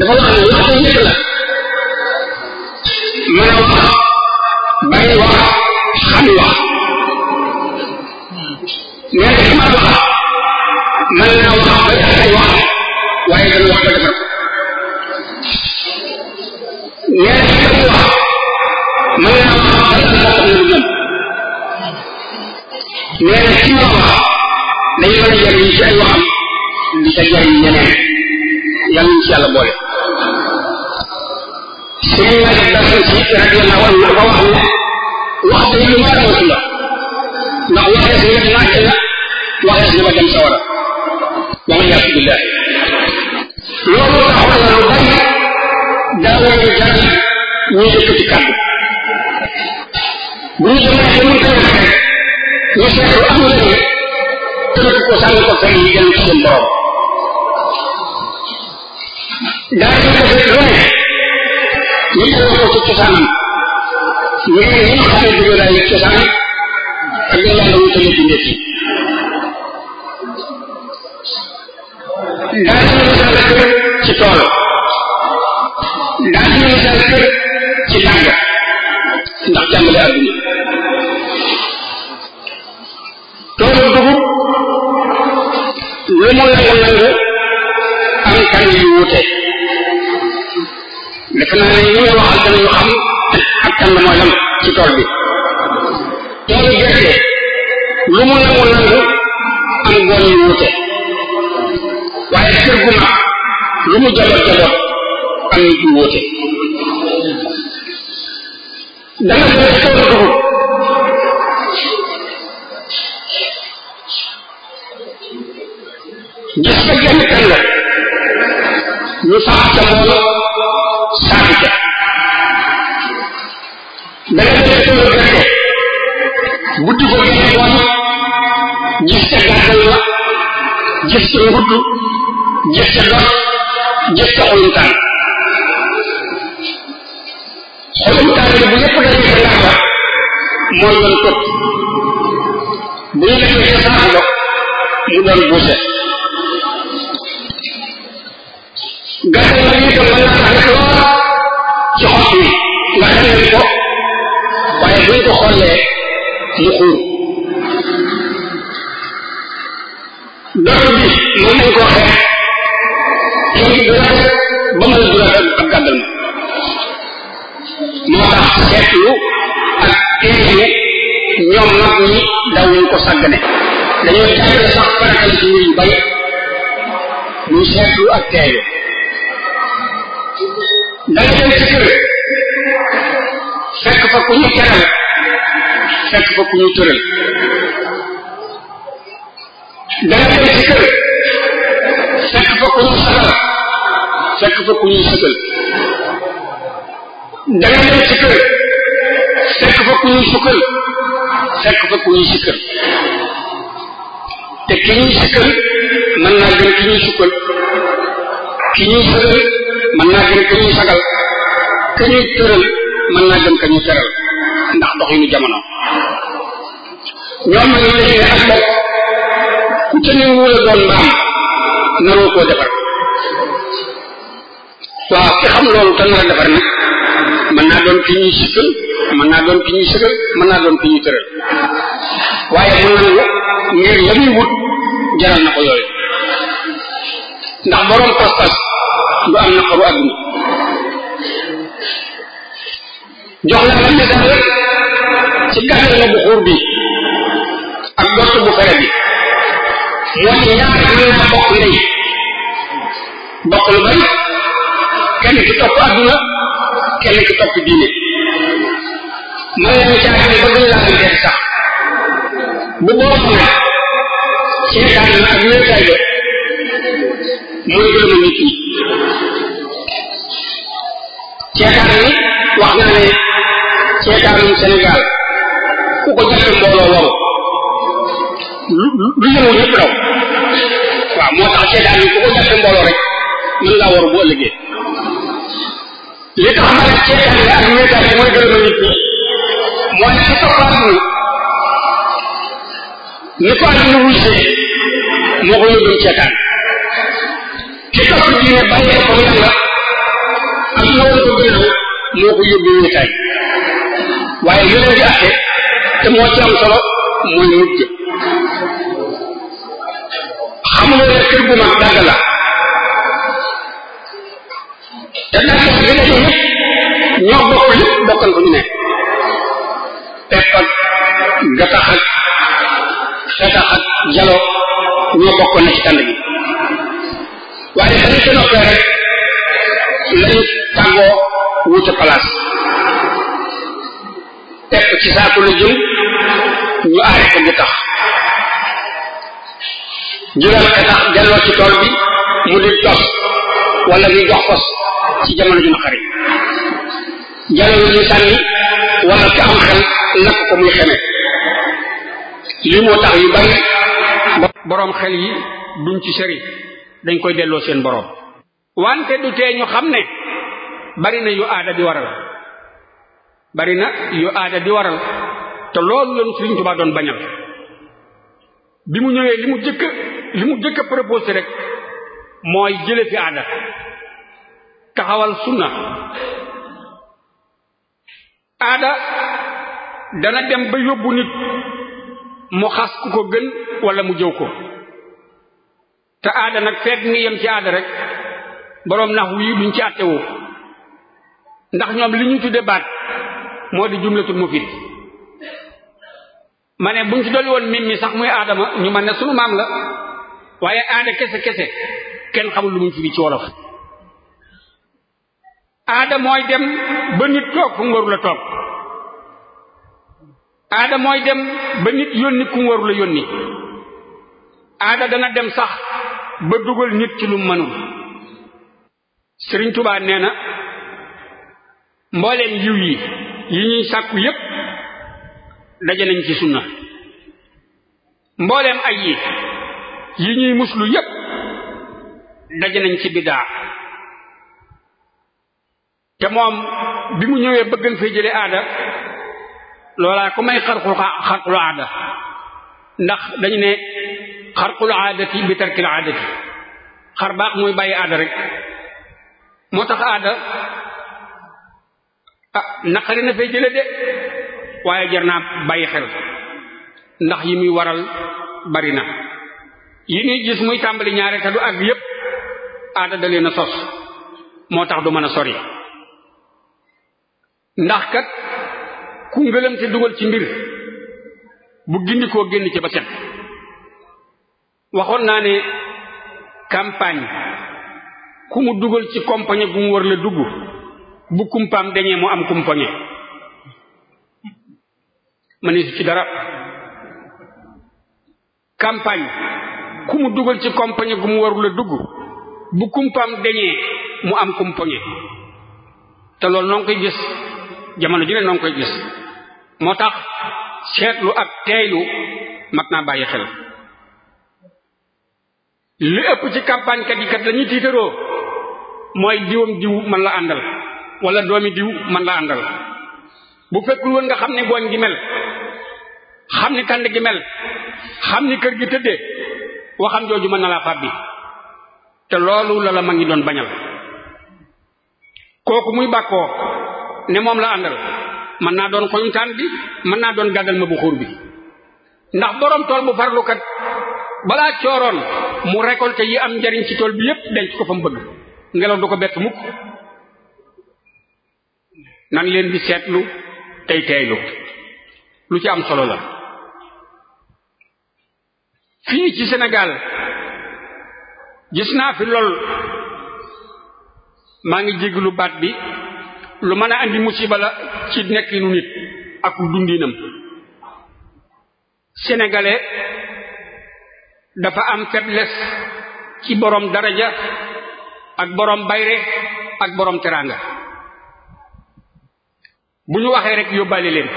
dafa wax ne waxtu njëkk la mën a wax bañ wax xam wax nee na ki mën wax mën naa wax ba tax ay wax waaye dana wax ba defar nee na ki wax mën naa wax ba tax la am lu gën nee na ki mën wax dañu mën a jëriñ ci ay waxam di ca jëriñ ñeneen yàlla nañu ci yàlla boole. suñu laajee dara ci radiyallahu anhu dafa wax wax dëgg lu ma rawatu la ndax waxees li ma laajte la waxees li ma dem sawara wala yàlla billah loolu taxoon lu bari daawoon jar ñu yëkkati kàddu bu ñu demee mu tënk rek ñu seetlu am lenn tënk ko sànni ko fay yi dem ci seen daa jël ko fekk rek lu mu nangu nangu am kan yu wuute defe naa ne li nga waxal danañu xam ak tànn mooy lan ci tool bi toolu gerte lu mu nangu nangu am goon yu wuute waaye kër gu mag lu mu jaboot jaboot am nit yu wuute danga def toolu dugub gis sa genn kan la ñu faxata moom wuti ko gis ca bon gis ca gàttal ba gis ca ngudd gis ca bu yëpp dajee ba yàq la mooy bu ñu defee sa saaxu dox mu doon buuse gàttal mu xuur dara bi mën nañ koo xeex ci ngi bu rafet ba mu bu rafet ak gàddal ma moo tax seetlu ak téere ñoom mag ñi dawuñ ko sàggane dañoo jàppale sax farata ci mbir yu bari muy seetlu ak teeyu da nga dem ci kër fekk fa ku ñu teral fekk fa ku ñu tëral dana dem ci fekk fa ku ñu sagal fekk fa ku ñu sëgal dana dem ci fekk fa ku ñu sukkal fekk fa ku ñu sikkal te ki ñuy sikkal mën naa gën ki ñuy sukkal ki ñuy sëgal mën naa gën ki ñuy sagal ka ñuy tëral mën naa gën ka ñuy tëral ndax doxinu jamono ñoom nag ñoo defee ak bopp ku ca ne wóor doon mbaam naroo koo defar waaw ki xam loolu te nar defar nag mën naa doon ki ñuy sikkal mën naa doon ki ñuy sëgal mën naa doon ki ñuy tëral waaye mu nangu ngir la jaral na ko yooyu ndax boroom pas-pas du am naqaru àdduna jox la la misaal rek ci kàttan bu xuur bi sëgg fere bi mooy ñaar ñoo bokk ndey bokk lu bari kenn ki topp adduna kenn ki topp diine mën nañu caaxaan ba gën laa def sax bu boobu nag seetaan na ak wéetaay ba mooy gërëma nit ñi seetaan ni wax naa ne seetaanum Sénégal ku ko jàppe mbooloo waru lu lu yëngu yëpp daw moo tax seetaan yi ku ko jàppe rek mën ngaa war bu ëllëgee li tax ma ne seetaan yi ak wéetaan yi mooy gërëma nit ñi mooy ci toppaat ni ni ko àdduna wusee moo ko yóbbee seetaan ki topp diine bàyyee ko yàlla ak la woon ko gënal moo ko yóbbee wéetaan waaye yële di àtte te moo ci solo mooy mujj xamuloo ne kër gu dagg la te dagg bi daje yëpp ñoo bokk yëpp bokkal fu ñu nekk pepp ak gattax ak ñoo bokkoon na ci tànd bi waaye dañu ca noppee rek lañu tàggoo wuute place pepp ci saaku la jëm ñu aare ko bu tax juróom xetax delloo ci tool bi mu di dox wala ñu jox kos ci jamono ju naqari jaloolu ñu sànni wala ka am xel lakk ko muy xeme li moo tax yu bari boroom xel yi duñ ci sëri dañ koy delloo seen boroom wante du tee ñu xam ne bari na yu aada di waral bari na yu aada di waral te loolu lañu Sëriñ Tuubaa doon bañal bi mu ñëwee li mu jëkk li mu jëkk a proposé rek mooy jële fi aada taxawal sunna aada dana dem ba yóbbu nit mu xas ku ko gën wala mu jëw ko te aada nag fekk ngi yem ci aada rek boroom nax wii duñ ci àttewoo ndax ñoom li ñu tudde baat moo di mu mufid ma ne buñ ci dolli woon mim sax muy aadama ñu man ne sunu maam la waaye aada kese kese kenn xamul lu fi firi ci wolof aada mooy dem ba nit toog fu mu warul toog aada mooy dem ba nit yónni ku mu warul yónni aada dana dem sax ba dugal nit ci lu mënul sëriñ tubaa nee na mbooleem yiw yi yi ñuy sàkku yépp daje nañ ci sunna mbooleem ay yi yi ñuy muslu yépp daje nañ ci biddaa te moom bi mu ñëwee bëggan fee jële aada loolaa ku may xarqul xarqul aada ndax dañu ne xarqul aadati bi tarkil aadati xar mooy bàyyi aada rek moo tax aada ah naqari na fee jële de waaye jar naa bàyyi xel ndax yi muy waral bari na yi ñuy gis muy tàmbali ñaare te du ak yépp aada da leen a sos moo tax du mën a sori ndax kat ku ngëlam te dugal ci mbir bu gindikoo génn ci ba set waxoon naa ne campagne ku mu dugal ci compagnie gu mu war la dugg bu kumpaam dañee mu am kumpagne mëneesu ci dara campagne ku mu dugal ci compagnie gu mu warul a dugg bu kumpaam deñee mu am kumpañe te loolu noo koy gis jamono ju ne noo koy gis moo tax seetlu ak teeylu mat naa bàyyi xel li ëpp ci campagne kat yi kat la tiitaroo mooy diwam diw man la àndal wala doomi diw man la àndal bu fekkul woon nga xam ne gooñ gi mel xam ni kand gi mel xam ni kër gi tëddee waxam jooju mën na laa fàbbi te loolu la la ma ngi doon bañal kooku muy bàkkoo ne moom la àndal mën naa doon koñtaan bi mën naa doon gàggal ma bu xur bi ndax borom tool bu farlukat balaa cooroon mu récolté yi am njariñ ci tool bi yépp denc ko fa mu bëgg ngelaw du ko bett mukk nan leen di seetlu tey teeylu lu ci am solo la fii ci Sénégal gis naa fi lool maa ngi jéglu baat bi lu mën a andi musiba ci nekkinu nit ak dundinam sénégalais dafa am faiblesse ci borom daraja ak borom bayre ak borom teraanga bu ñu waxee rekk yóbbaale leen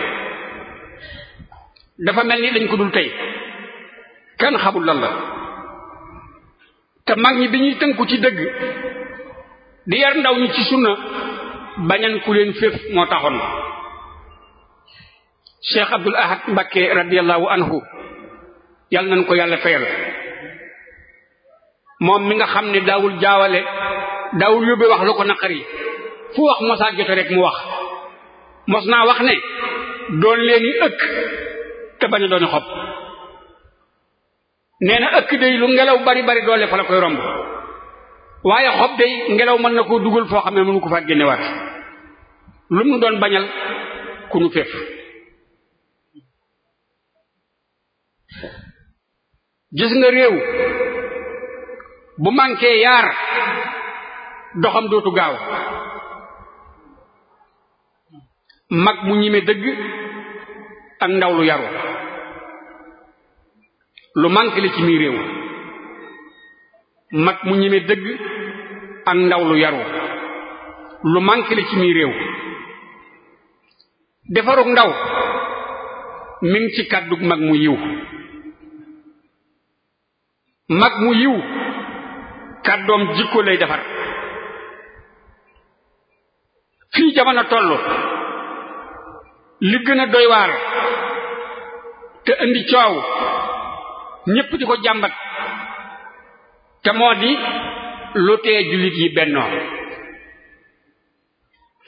dafa mel ni dañ ko dul tey kenn xamul lan la te mag ñi dañuy tënku ci dëgg di yar ndaw ñi ci sunna bañan ku leen féef moo taxoon Cheikh Abdul Ahad Mbakke radiallahu anhu yal nañ ko yàlla fayal moom mi nga xam ne daawul jaawale daawul yóbbe wax lu ko naqari fu wax mosaa jote rek mu wax mos naa wax ne doon leen i ëkk te bañ a doon xob nee na ëkk day lu ngelaw bari bari doole fa la koy romb waaye xob day ngelaw mën na koo dugal foo xam ne mënu ko faa génnewaat doon bañal ku nu féef gis nga réew bu manqué yaar doxam dootu gaaw mag mu ñime dëgg ak ndaw lu yaru lu manqué ci mii réew mag mu ñeme dëgg ak ndaw lu yaru lu manqué ci mii réew defarug ndaw mi ci kàddug mag mu yiw mag mu yiw kàddoom jikkoo lay defar fii jamono toll li gën a doy te indi coow ñépp di ko jàmbat te moo di lu tee jullit yi bennoo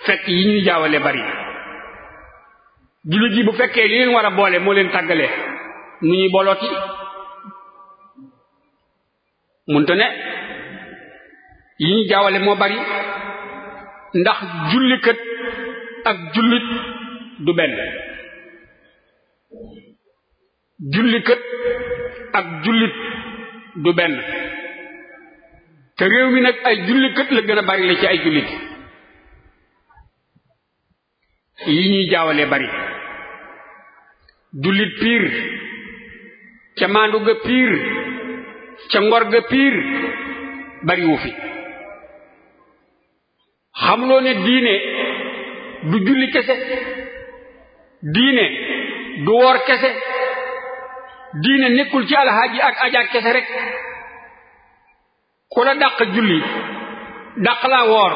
fekk yi ñuy jaawale bari jullit yi bu fekkee li war a boole moo leen tàggale nu ñuy bolooti munte ne yi ñu jaawale moo bari ndax jullikat ak jullit du benn julli kët ak jullit du benn te réew mi nag ay julli kët la gën bari la ci ay jullit yi ñuy jaawalee bari jullit piir ca maandu ga piir ca ngor ga piir bariwu fi xamloo ne diine du julli kese diine du woor kese diine nekkul ci alxaaji ak aja kese rek ku la dàq julli dàq laa woor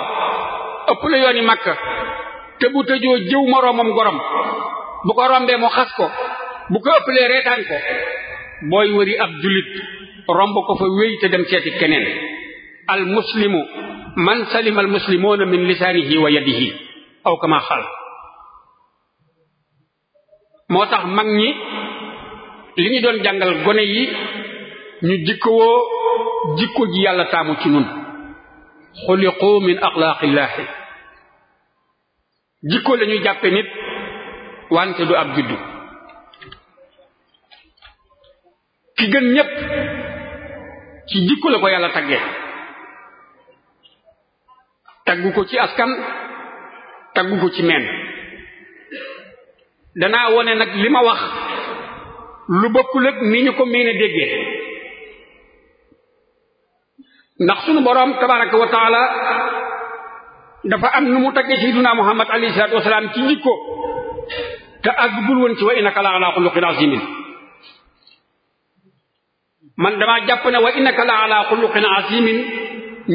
ëpp la yooni makka te bu tëjoo jëw moroomam gorom bu ko rombee mu xas ko bu ko ëpplee reetaan ko booy wëri ab jullit romb ko fa wéy te dem seeti keneen al muslimu man salima al muslimuna min lisaanihi wa yadihi aw kama xal moo tax mag ñi li ñu doon jàngal gone yi ñu jikkowoo jikko ji yàlla taamu ci nun xuliqu min axlaaqillaahi jikko la ñu jàppe nit wante du ab juddu ki gën ñépp ci jikko la ko yàlla tagge taggu ko ci askan taggu ko ci meen danaa wone nag li ma wax lu bokkul ak ni ñu ko meene déggee ndax sunu boroom tabaraka dafa am nu mu taggee sayyiduna muhammad alayhi salaatu wasalaam ci jikko te àggul woon ci wa innaka la ala xuluqin azimin man dama jàpp ne wa innaka la ala xuluqin azimin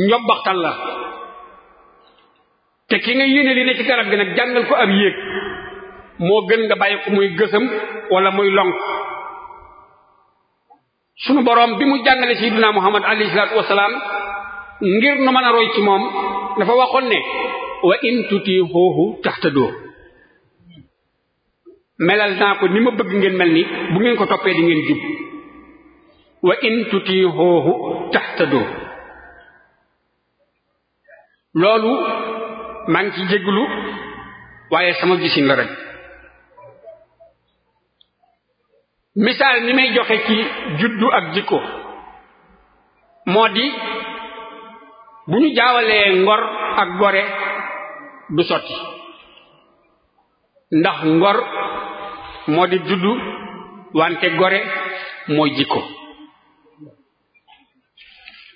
njobbaxtal la te ki nga yéene li ne ci garab gi nag jàngal ko ab yéeg moo gën nga bàyyi ko muy gësëm wala muy lonk sunu boroom bi mu jàngale sayyidina muhammad alayhi salaatu wasalaam ngir nu mën a roy ci moom dafa waxoon ne wa in tutiihuhu tahtadu melal naa ko ni ma bëgg ngeen mel ni bu ngeen ko toppee di ngeen jub wa in tutiihuhu tahtadu loolu maa ngi ci jégglu waaye sama gisin la rek misaal ni may joxe ci juddu ak jikko moo di bu ñu jaawalee ngor ak gore du sotti ndax ngor moo di juddu wante gore mooy jikko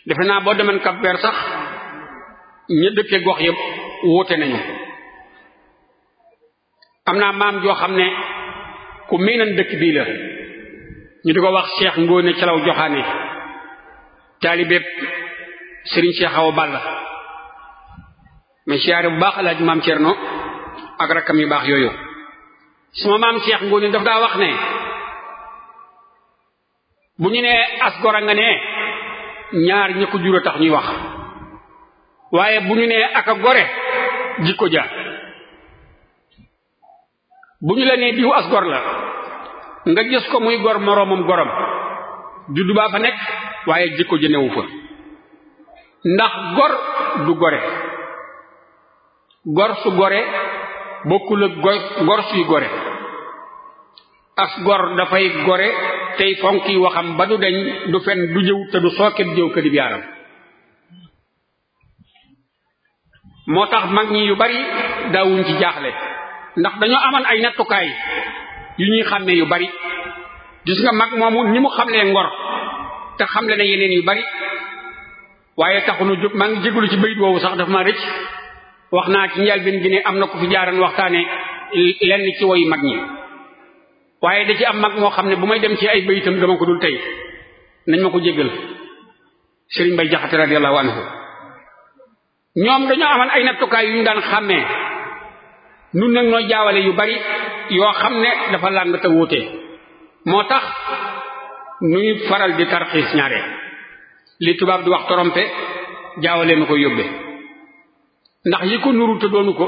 defe naa boo demeen Cap Vert sax ña dëkke gox yépp wóote nañu am naa maam joo xam ne ku miinan dëkk bii la ñu di ko wax Cheikh Ngóone Calaw Joxaane taalibeeb Serigne Cheikh a bal la siyaare bu baax alaaj maam Cerno ak rakkam yu baax yooyu suma maam Cheikh Ngóone daf daa wax ne bu ñu nee as gor a nga ne ñaar ña ko jur tax ñuy wax waaye bu ñu nee aka a gore jikko ja bu ñu la nee diw as la nga gis ko muy gor moroomam gorom juddu baa fa nekk waaye jikko ji newu fa ndax gor du gore gor su gore bokkul ak gor suy gore as gor dafay gore tey fonki waxam ba du deñ du fen du jëw te du sooket jëw këdib yaaram moo tax mag ñi yu bari daawuñ ci jaaxle ndax dañoo amal ay nattukaay yu ñuy xàmmee yu bari gis nga mag moomu ñi mu xamlee ngor te xamle na yeneen yu bari waaye taxunu jóg maa ngi jéglu ci bayit woowu sax dafa ma rëcc wax naa ci njëlbéen gi ne am na ku fi jaaran waxtaane lenn ci woyu mag ñi waaye da ci am mag moo xam ne bu may dem ci ay bayitam dama ko dul tey nañ ma ko jéggal Serigne Bay jaxat radiyallahu anhu ñoom dañoo amoon ay nattukaay yu ñu daan xàmmee nun nag nooy jaawale yu bari yoo xam ne dafa làmb te wuute moo tax nuy faral di tarxiis ñaare li tubaab di wax trompe jaawale ko yóbbe ndax yi ko nuru te ko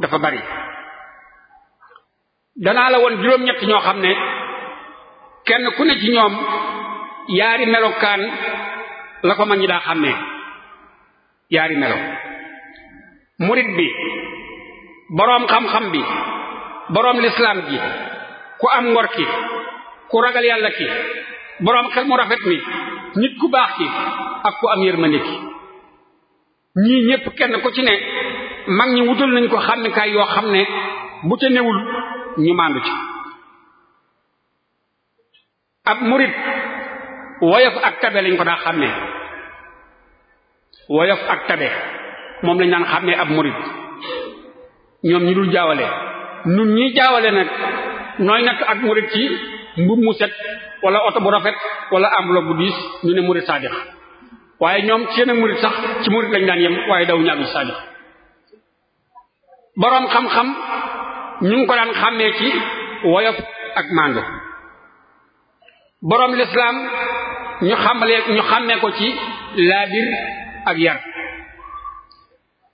dafa bari danaa la woon juróom-ñett ñoo xam ne kenn ku ne ci ñoom yaari melokaan la ko mag ñi daa xàmmee yaari melo murit bi boroom xam-xam bi boroom lislaam ji ku am ngor ki ku ragal yàlla ki boroom xel mu rafet mi nit ku baax ki ak ku am yërmande ki ñii ñépp kenn ku ci ne mag ñi wutal nañ ko xàmmikaay yoo xam ne bu ca newul ñu màndu ci ab murit woyof ak tabe lañ ko daa xàmmee woyof ak tabe moom lañ daan xàmmee ab murit ñoom ñu dul jaawale nun ñi jaawale nag nooy natt ak murid ci mbub mu set wala oto bu rafet wala enveloppe bu diis ñu ne murid saadix waaye ñoom ci yenn murid sax ci murid lañ daan yem waaye daw ñaagu ci boroom xam ñu ngi ko daan xàmmee ci woyof ak màndu boroom lislaam ñu xàmbalee ñu xàmmee ko ci laabir ak yar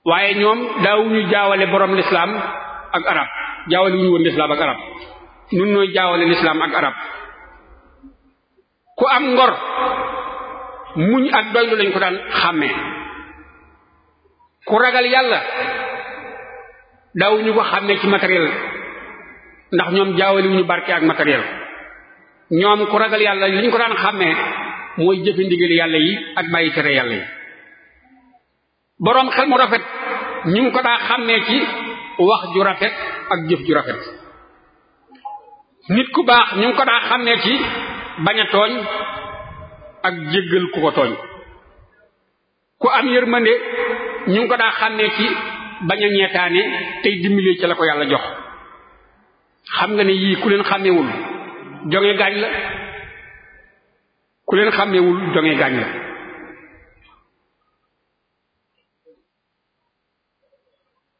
waaye ñoom daaw jaawale boroom lislaam ak arab jaawale wuñu woon lislaam ak arab nun nooy jaawale lislaam ak arab ku am ngor muñ ak doylu lañ ko daan xàmmee ku ragal yàlla daawuñu ko xàmmee ci matériel ndax ñoom jaawale wuñu barke ak matériel ñoom ku ragal yàlla lañu ko daan xàmmee mooy jëfe ndigal yàlla yi ak bàyyi tere yàlla yi boroom xel mu rafet ñu ngi ko daa xàmmee ci wax ju rafet ak jëf ju rafet nit ku baax ñu ngi ko daa xàmmee ci bañ a tooñ ak jéggal ku ko tooñ ku am yërmande ñu ngi ko daa xàmmee ci bañ a ñeetaane tey dimbalee ci la ko yàlla jox xam nga ne yii ku leen xàmmewul jonge gaañ la ku leen xàmmewul jonge gaañ la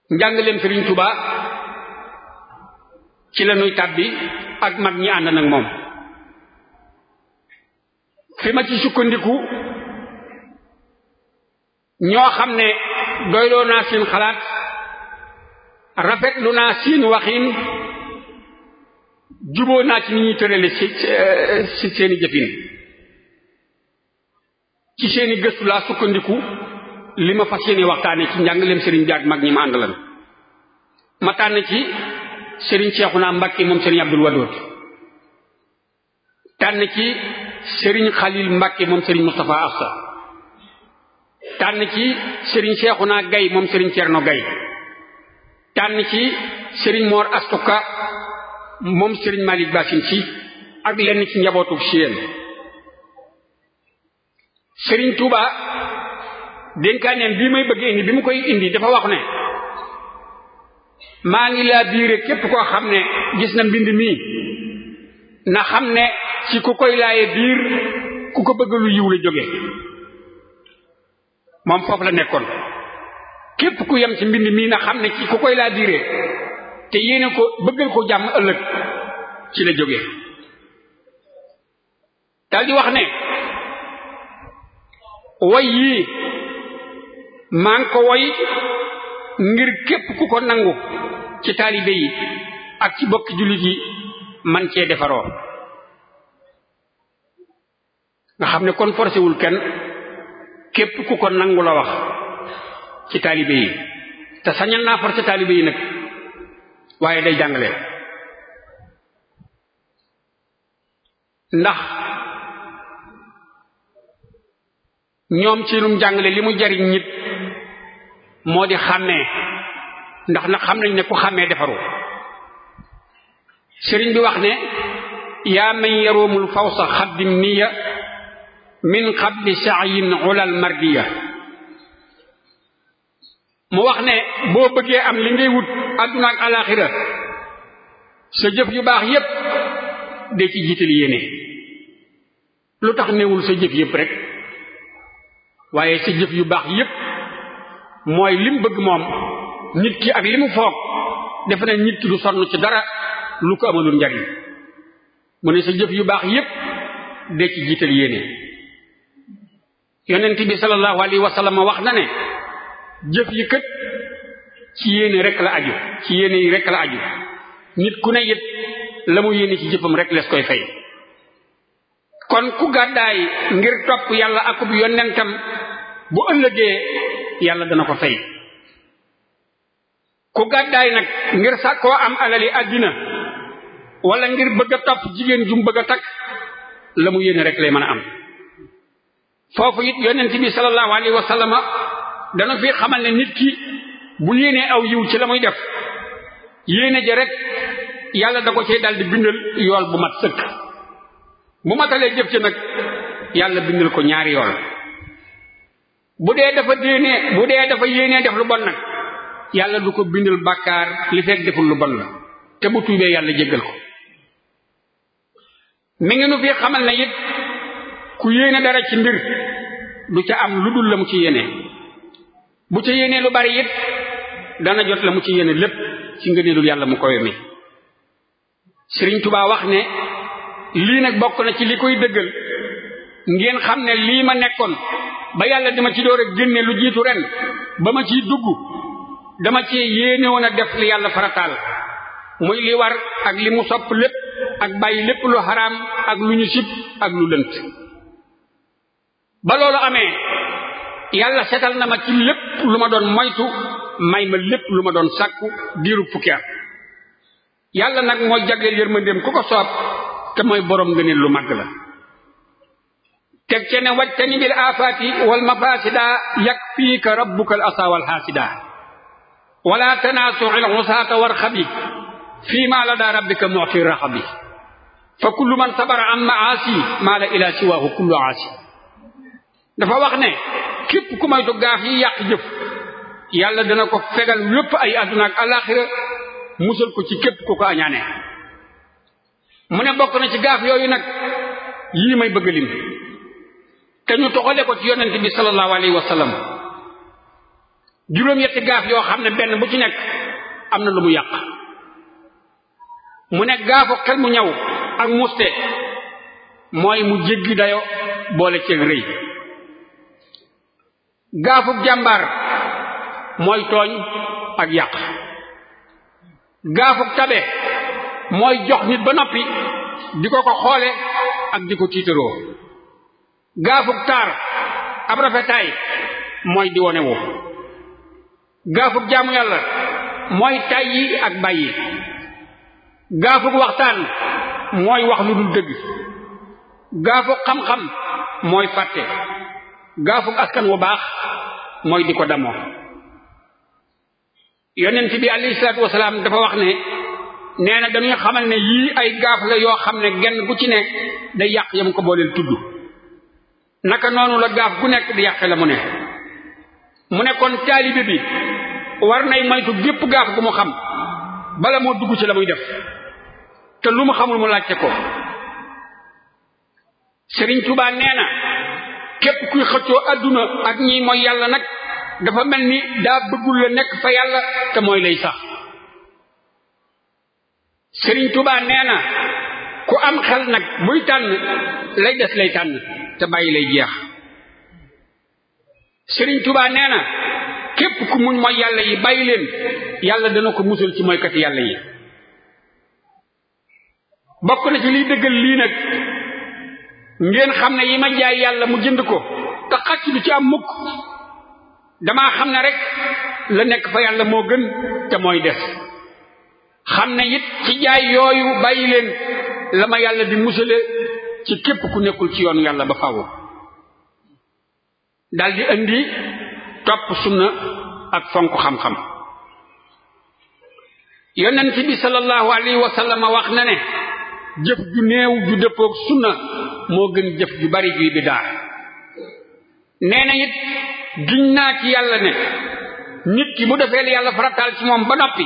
njàngaleem Sëriñ Tuubaa ci la nuy tàbbi ak mag ñi ànd nag moom fi ma ci sukkandiku ñoo xam ne doyloo naa seen xalaat rafetlu naa seen waxin juboo naa ci ni ñuy tërale seeni jëfin ci seeni gëstu laa sukkandiku li ma fas yéene waxtaane ci njàngaleem sëriñ bi ak mag ñi ma àndalan ma tànn ci sëriñ Seexuna Mbàkke moom sëriñ Abdul Wadood tànn ci sëriñ Xalil Mbàkke moom sëriñ Moustapha Afsa tànn ci sëriñ Seexuna Gay moom sëriñ Cerno Gay tànn ci sëriñ Moor Astuka moom sëriñ Malick Basin si ak lenn ci njabootu siyeen sëriñ Tuuba dénkaaneen bii may bëgg indi bi mu koy indi dafa wax ne maa ngi laa biire képp koo xam ne gis na mbind mii na xam ne ci ku koy laaye biir ku ko bëgg lu yiw la jóge moom foofu la nekkoon képp ku yem ci mbind mii na xam ne ci ku koy laa biire te yéene ko bëggal ko jàmm ëllëg ci la jóge daldi wax ne woy yii maa ngi ko woy ngir képp ku ko nangu ci taalibe yi ak ci bokki jullit yi man cee defaroo nga xam ne kon forcé wul kenn képp ku ko nangu la wax ci taalibe yi te sañal naa forcé taalibe yi nag waaye day jàngale ndax ñoom ci num jàngale li mu jariñ nit moo di xàmmee ndax nag xam nañ ne ku xàmmee defaru sëriñ bi wax ne yaa man yaroomul fawsa xaddim niya min qabli saayin ulal mardiya mu wax ne boo bëggee am li ngay wut àdduna alaaxira sa jëf yu baax yépp de ci jiital yéene lu tax newul sa jëf yépp rek waaye sa jëf yu baax yépp mooy li mu bëgg moom nit ki ak li mu foog defe ne nit ki du sonn ci dara lu ko amalul njariñ mu ne sa jëf yu baax yépp dee ci jiital yéene yonent bi sallallahu alayhi wa wax na ne jëf yi kët ci yéene rek la aju ci yéene yi rek la aju nit ku ne it la mu yéene ci jëfam rek lees koy fay kon ku gàddaay ngir topp yàlla akub yonentam bu ëllëgee yàlla dana ko fay ku gàddaay nag ngir sàkkoo am alali àddina walla ngir bëgg a topp jigéen jum bëgg a takk la mu yéene rek lay mën a am foofu it yonent bi sallallahu alayhi wa sallama dana fi xamal ne nit ki bu yéenee aw yiw ci la muy def yéene ja rek yàlla da ko cay di bindal yool bu mat sëkk bu matalee jëf ci nag yàlla bindal ko ñaari yool bu dee dafa yéenee bu dee dafa yéenee def lu bon nag yàlla du ko bindal bàkkaar li fekk deful lu bon la te bu tuubee yàlla jéggal ko mi ngi nu fi xamal na it ku yéene dara ci mbir du ca am lu dul la mu ci yéene bu ca yéenee lu bari it dana jot la mu ci yéene lépp ci ngëneelul yàlla mu koy mi Sëriñ Tubaa wax ne lii nag bokk na ci li koy dëggal ngeen xam ne lii ma nekkoon ba yàlla dama ci door a génne lu jiitu ren ba ma ciy dugg dama ci yéene woon def li yàlla farataal muy li ak li mu sopp lépp ak bàyyi lépp lu xaraam ak lu ñu sib ak lu lënt ba loolu amee yàlla setal na ma ci lépp lu ma doon moytu may ma lépp lu ma doon sàkku diiru fukki at yàlla nag moo jagleel yërmandeem ku ko soob te mooy boroom nga ne lu màgg la teg ca ne wajtani bil afaati wal mafasida yakfiika rabbuka al asa wal xaasida wala tanaasuxil xusaata war xabi fii maa la daa rabbika muti raxabi fa kullu man sabara an maasi maa la ilaa siwaahu kullu aasi dafa wax ne képp ku moytu gaaf yi yàq jëf yàlla dana ko fegal lépp ay àdduna ak alaxira musal ko ci képp ku ko añaane mu ne bokk na ci gaaf yooyu nag yii may bëgg te ñu toxale ko ci yonent bi sallallahu alayhi wa sallam juróom-ñetti gaaf yoo xam ne benn bu ci nekk am na lu mu yàq mu ne gaafu xel mu ñaw ak muste mooy mu jéggi dayo boole ceeg rëy gaafu jàmbaar mooy tooñ ak yàq gaafu tabe mooy jox nit ba noppi di ko ko xoole ak di ko tiitaroo gaafug taar ab rafetaay mooy di wone wu gaafug jaamu yàlla mooy tàyyi ak bàyyi gaafug waxtaan mooy wax lu dul dëgg gaafug xam-xam mooy fàtte gaafug askan wu baax mooy di ko damoo yonent bi alayhi salaatu wasalaam dafa wax ne nee na dañuy xamal ne yii ay gaaf la yoo xam ne genn bu ci ne day yàq yam ko booleel tudd naka noonu la gaaf gu nekk di yàqe la mu ne mu ne taalibe bi war nay moytu gépp gaaf gu mu xam bala moo dugg ci la muy def te lu mu xamul mu laajte ko Sëriñ tubaa nee na képp kuy xëccoo àdduna ak ñi mooy yàlla nag dafa mel ni daa bëggul la nekk fa yàlla te mooy lay sax Sëriñ tubaa nee na ku am xel nag buy tànn lay des lay tànn te bàyyi lay jeex Sëriñ Tuubaa nee na képp ku muñ mooy yàlla yi bàyyi leen yàlla dana ko musal ci moykat yàlla yi bokk na ci liy dëggal lii nag ngeen xam ne yi ma jaay yàlla mu jënd ko te xàcc du ci am mukk damaa xam ne rek la nekk fa yàlla moo gën te mooy des xam ne it ci jaay yooyu bàyyi leen la ma yàlla di musale ci képp ku nekkul ci yoonu yàlla ba faw daldi indi topp sunna ak fonk xam-xam yonent bi sallallahu alayhi wa wax na ne jëf ju néew ju dëppoog sunna moo gën jëf ju bari juy bidaa nee na giñ naa ci yàlla ne nit ki bu defee yàlla farataal ci moom ba noppi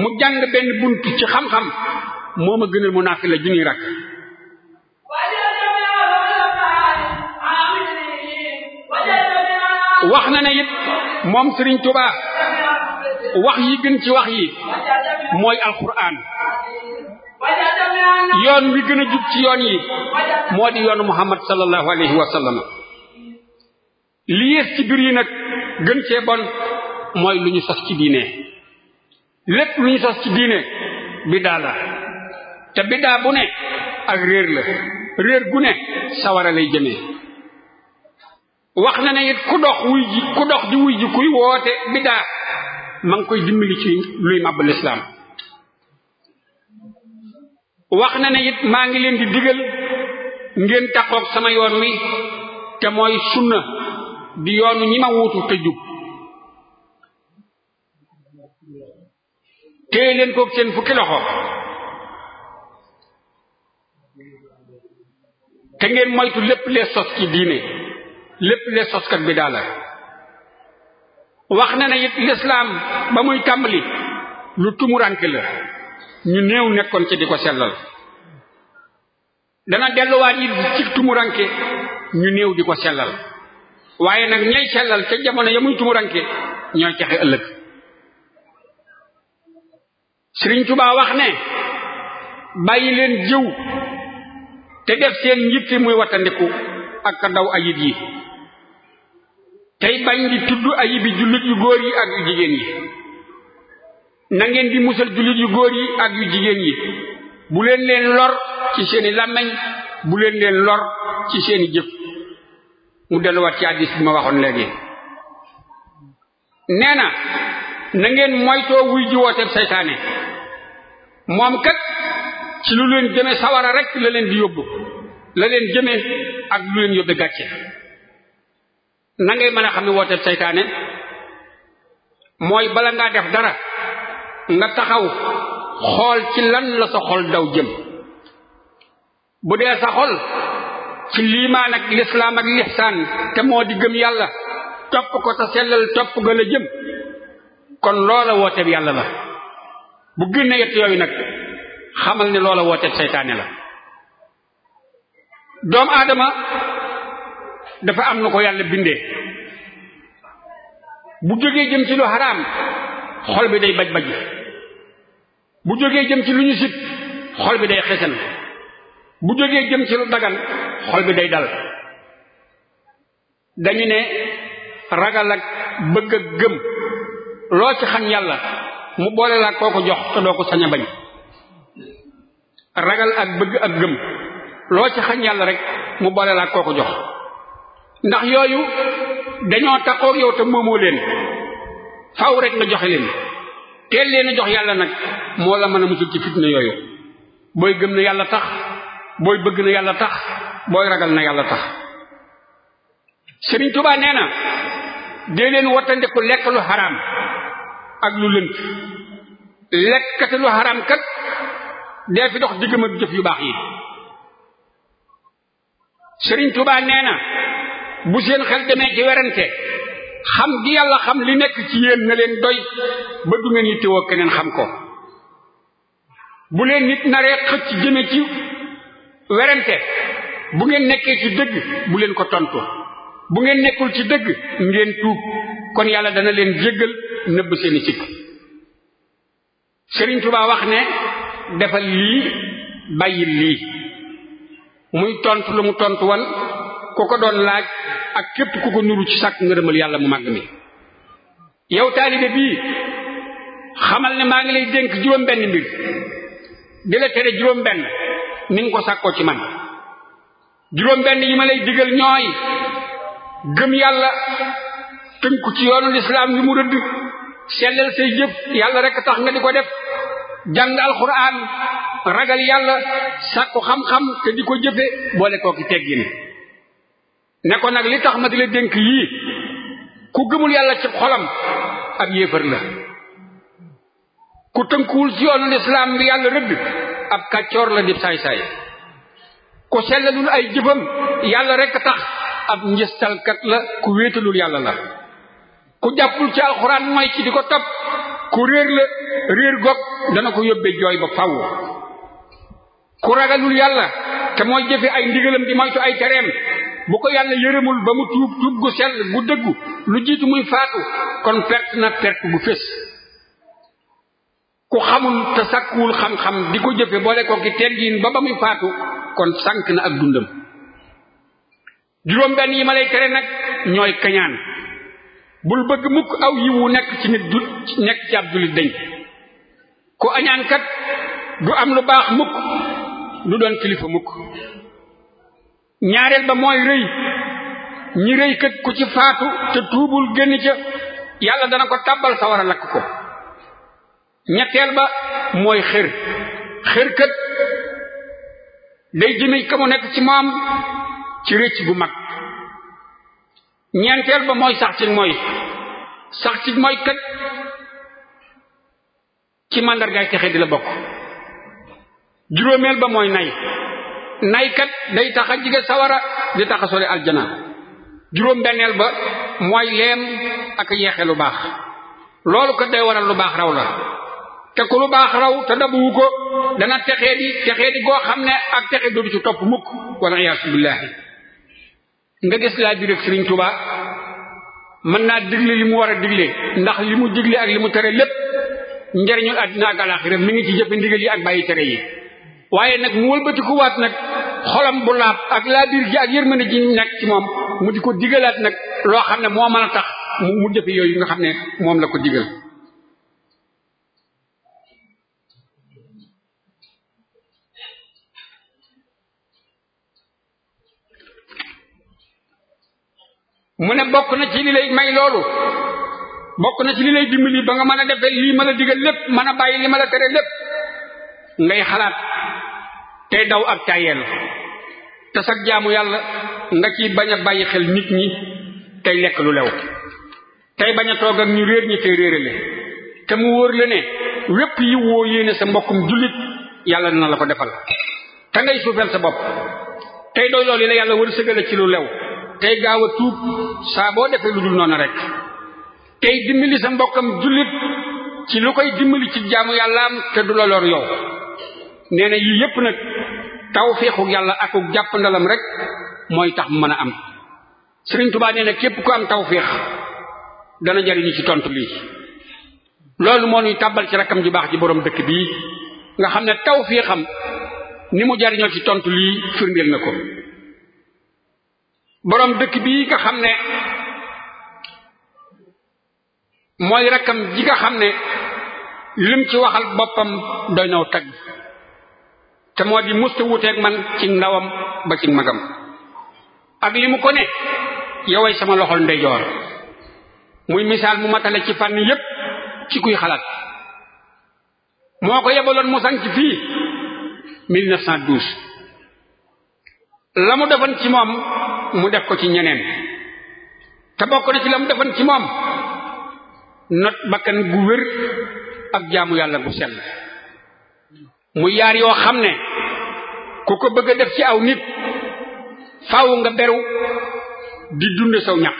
mu jàng benn bunt ci xam-xam moo ma gënal mu naafi la junni rakk wax na ne it moom Serigne Touba wax yi gën ci wax yi mooy alquran yoon wi gën a jub ci yoon yi moo di yoonu Muhammad sallallahu alayhi wa li yées ci biir yi nag gën cee bon mooy lu ñu sos ci diine lépp lu ñu sos ci diine biddaa la te biddaa bu ne ak réer la réer gu ne sawara lay jëmee wax na ne it ku dox wuy ji ku dox di wuy ji kuy woote biddaa ma ngi koy dimbali ci luy màbb lislaam wax na ne it maa ngi leen di digal ngeen taxoog sama yoon wi te mooy sunna di yoonu ñi ma wuutu te jub téye leen koog seen fukki loxo te ngeen moytu lépp les sos ci diine lépp le soskat bi daala wax na ne it lislaam ba muy tàmbali lu tumuranke la ñu néew nekkoon ci di ko sellal dana delluwaat it ci tumuranke ñu néew di ko sellal waaye nag ñay sellal ca jamono ya muy tumuranke ñooy caxe ëllëg Sëriñ Tuubaa wax ne bàyyi leen jiw te def seen njiit yi muy wattandiku ak ndaw ayit yi tey bañ di tudd ayibi jullit yu góor yi ak yu jigéen yi na ngeen di musal jullit yu góor yi ak yu jigéen yi bu leen leen lor ci seeni làmmeñ bu leen leen lor ci seeni jëf mu delluwaat ci hadiis bi ma waxoon léegi nee na na ngeen moytoo wuy ji wooteeb seytaane moom kat ci lu leen jëme sawara rek la leen di yóbbu la leen jëme ak lu leen yóbbe gàcce na ngay mën a xam ne wooteeb seytaane mooy bala ngaa def dara nga taxaw xool ci lan la sa xol daw jëm bu dee sa xol ci liimaan ak lislaam ak lixsaan te moo di gëm yàlla topp ko sa sellal topp ga la jëm kon loola wooteeb yàlla la bu génne yett yooyu nag xamal ne loola wooteeb seytaane la doomu aadama dafa am na ko yàlla bindee bu jógee jëm ci lu xaraam xol bi day baj baj bu jógee jëm ci lu ñu sib xol bi day xesen bu jógee jëm ci lu dagan xol bi day dal dañu ne ragal ak bëgg ak gëm loo ci xam yàlla mu boole laa koo ko jox te doo ko sañ a bañ ragal ak bëgg ak gëm loo ci xañ yàlla rek mu boole laa koo ko jox ndax yooyu dañoo takkoog yow te moomoo leen faw rek nga joxe leen teel leen jox yàlla nag moo la mën a musul ci fitna yooyu booy gëm na yàlla tax booy bëgg na yàlla tax booy ragal na yàlla tax Sëriñ Tuubaa nee na dee leen wattandiku lekk lu ak lu lënt lekkati lu xaraam dee fi dox diggam ak jëf yu baax yi Sëriñ Tuubaa nee na bu seen xel demee ci werante xam gi yàlla xam li nekk ci yéen na leen doy ba du ngeen yittewoo keneen xam ko bu leen nit naree xëcc jëme ci werante bu ngeen nekkee ci dëgg bu leen ko tontu bu ngeen nekkul ci dëgg ngeen tuub kon yàlla dana leen jéggal nëbb seeni sikk Sëriñ Tuubaa wax ne defal lii bàyyil lii muy tontu lu mu tontu wan ku ko doon laaj ak képp ku ko nuru ci sàkk ngërëmal yàlla mu màgg mi yow taalibe bii xamal ne maa ngi lay dénk juróom benn mbir di la tere juróom benn ni nga ko sàkkoo ci man juróom benn yi ma lay digal ñooy gëm yàlla tënku ci yoonu lislaam yi mu rëdd sellal say jëf yàlla rekk tax nga di ko def jàng alxuraan ragal yàlla sàkku xam-xam te di ko jëfe boole kooki teggin ne ko nag li tax ma di la dénk yii ku gëmul yàlla ci xolam ab yéefar la ku tënkuwul ci yoonu lislaam bi yàlla rëdd ab kàccoor la dib saay-saay ku sellalul ay jëfam yàlla rekk tax ab njëstalkat la ku wéetalul yàlla la ku jàppul ci alxuraan mooy ci di ko topp ku réer la réer gog dana ko yóbbee jooy ba faw ku ragalul yàlla te mooy jëfe ay ndigalam di moytu ay tereem bu ko yàlla yërëmul ba mu tuub tuub gu sell gu dëggu lu jiitu muy faatu kon perte na perte bu fés ku xamul te sàkkuwul xam-xam di ko jëfe boole ko ki teggiin ba ba muy faatu kon sànk na ak dundam juróom benn yi ma lay tere nag ñooy kañaan bul bëgg mukk aw yiwu nekk ci nit du nekk ci jullit dañ ku añaan kat am lu baax mukk du doon kilifa mukk ñaareel ba mooy rëy ñi rëy kat ku ci faatu te tuubul génn ca yàlla dana ko tàbbal sawara lakk ko ñetteel ba mooy xër xër kat day jëme ka mu nekk ci moom ci rëcc bu mag ñeenteel ba mooy sax ci mooy sax ci mooy kat ci màndargaay texe di la bokk juróomeel ba mooy nay naykat day tax a jige sawara di tax a sori aljana juróom benneel ba mooy leem ak yeexe lu baax loolu ko day waral lu baax raw la te ku lu baax raw te dabuwu ko dana texee di texee di goo xam ne ak texe dootu ci topp mukk wala iyaasu nga gis laa biir ak Sëriñ Tuubaa mën naa digle li mu war a digle ndax li mu digle ak li mu tere lépp njariñul àddina ak alaaxira mi ngi ci jëfe ndigal yi ak bàyyi tere yi waaye nag mu wëlbatikuwaat nag xolam bu laab ak laabiir gi ak yërmande ji nekk ci moom mu di ko digalaat nag loo xam ne moo mën a tax mu jëfe yooyu nga xam ne moom la ko digal mu ne bokk na ci li lay may loolu bokk na ci li lay dimbali ba nga mën a defee lii ma la digal lépp mën a bàyyi li ma la tere lépp ngay xalaat tey daw ak tayel te sag jaamu yàlla nga ci bañ a bàyyi xel nit ñi tey lekk lu lew tey bañ a toog ak ñu réer ñi tey réerale te mu wóor la ne wépp yi woo yéene sa mbokkum jullit yàlla na la ko defal te ngay suufeel sa bopp tey doy lool yi la yàlla wërsëgale ci lu lew tey gaaw a tuub saa boo defee lu dul noonu rek tey dimbali sa mbokkam jullit ci lu koy dimbali ci jaamu yàllaam te du la lor yow nee na yii yépp nag tawféexu yàlla ak jàpp ndalam rek mooy tax mu mën a am sëriñ tubaa nee na képp ku am tawféex dana jariñu ci tontu lii loolu moo ñuy tàbbal ci rakkam ju baax ji boroom dëkk bii nga xam ne tawféexam ni mu jariñoo ci tontu lii firndeel na ko borom dëkk bii nga xam ne mooy rakkam ji nga xam ne lim ci waxal boppam doy naw tagg te moo di musta wuuteeg man ci ndawam ba ci magam ak li mu ko ne yoway sama loxol ndeyjoor muy misaal mu matale ci fànn yépp ci kuy xalaat moo ko yebaloon mu sanc fii 1912 la mu defoon ci moom mu def ko ci ñeneen te bokk na ci la mu defoon ci moom not bakkan gu wér ak jaamu yàlla gu sell mu yaar yoo xam ne ku ko bëgg a def ci aw nit faaw nga beru di dunde saw ñaq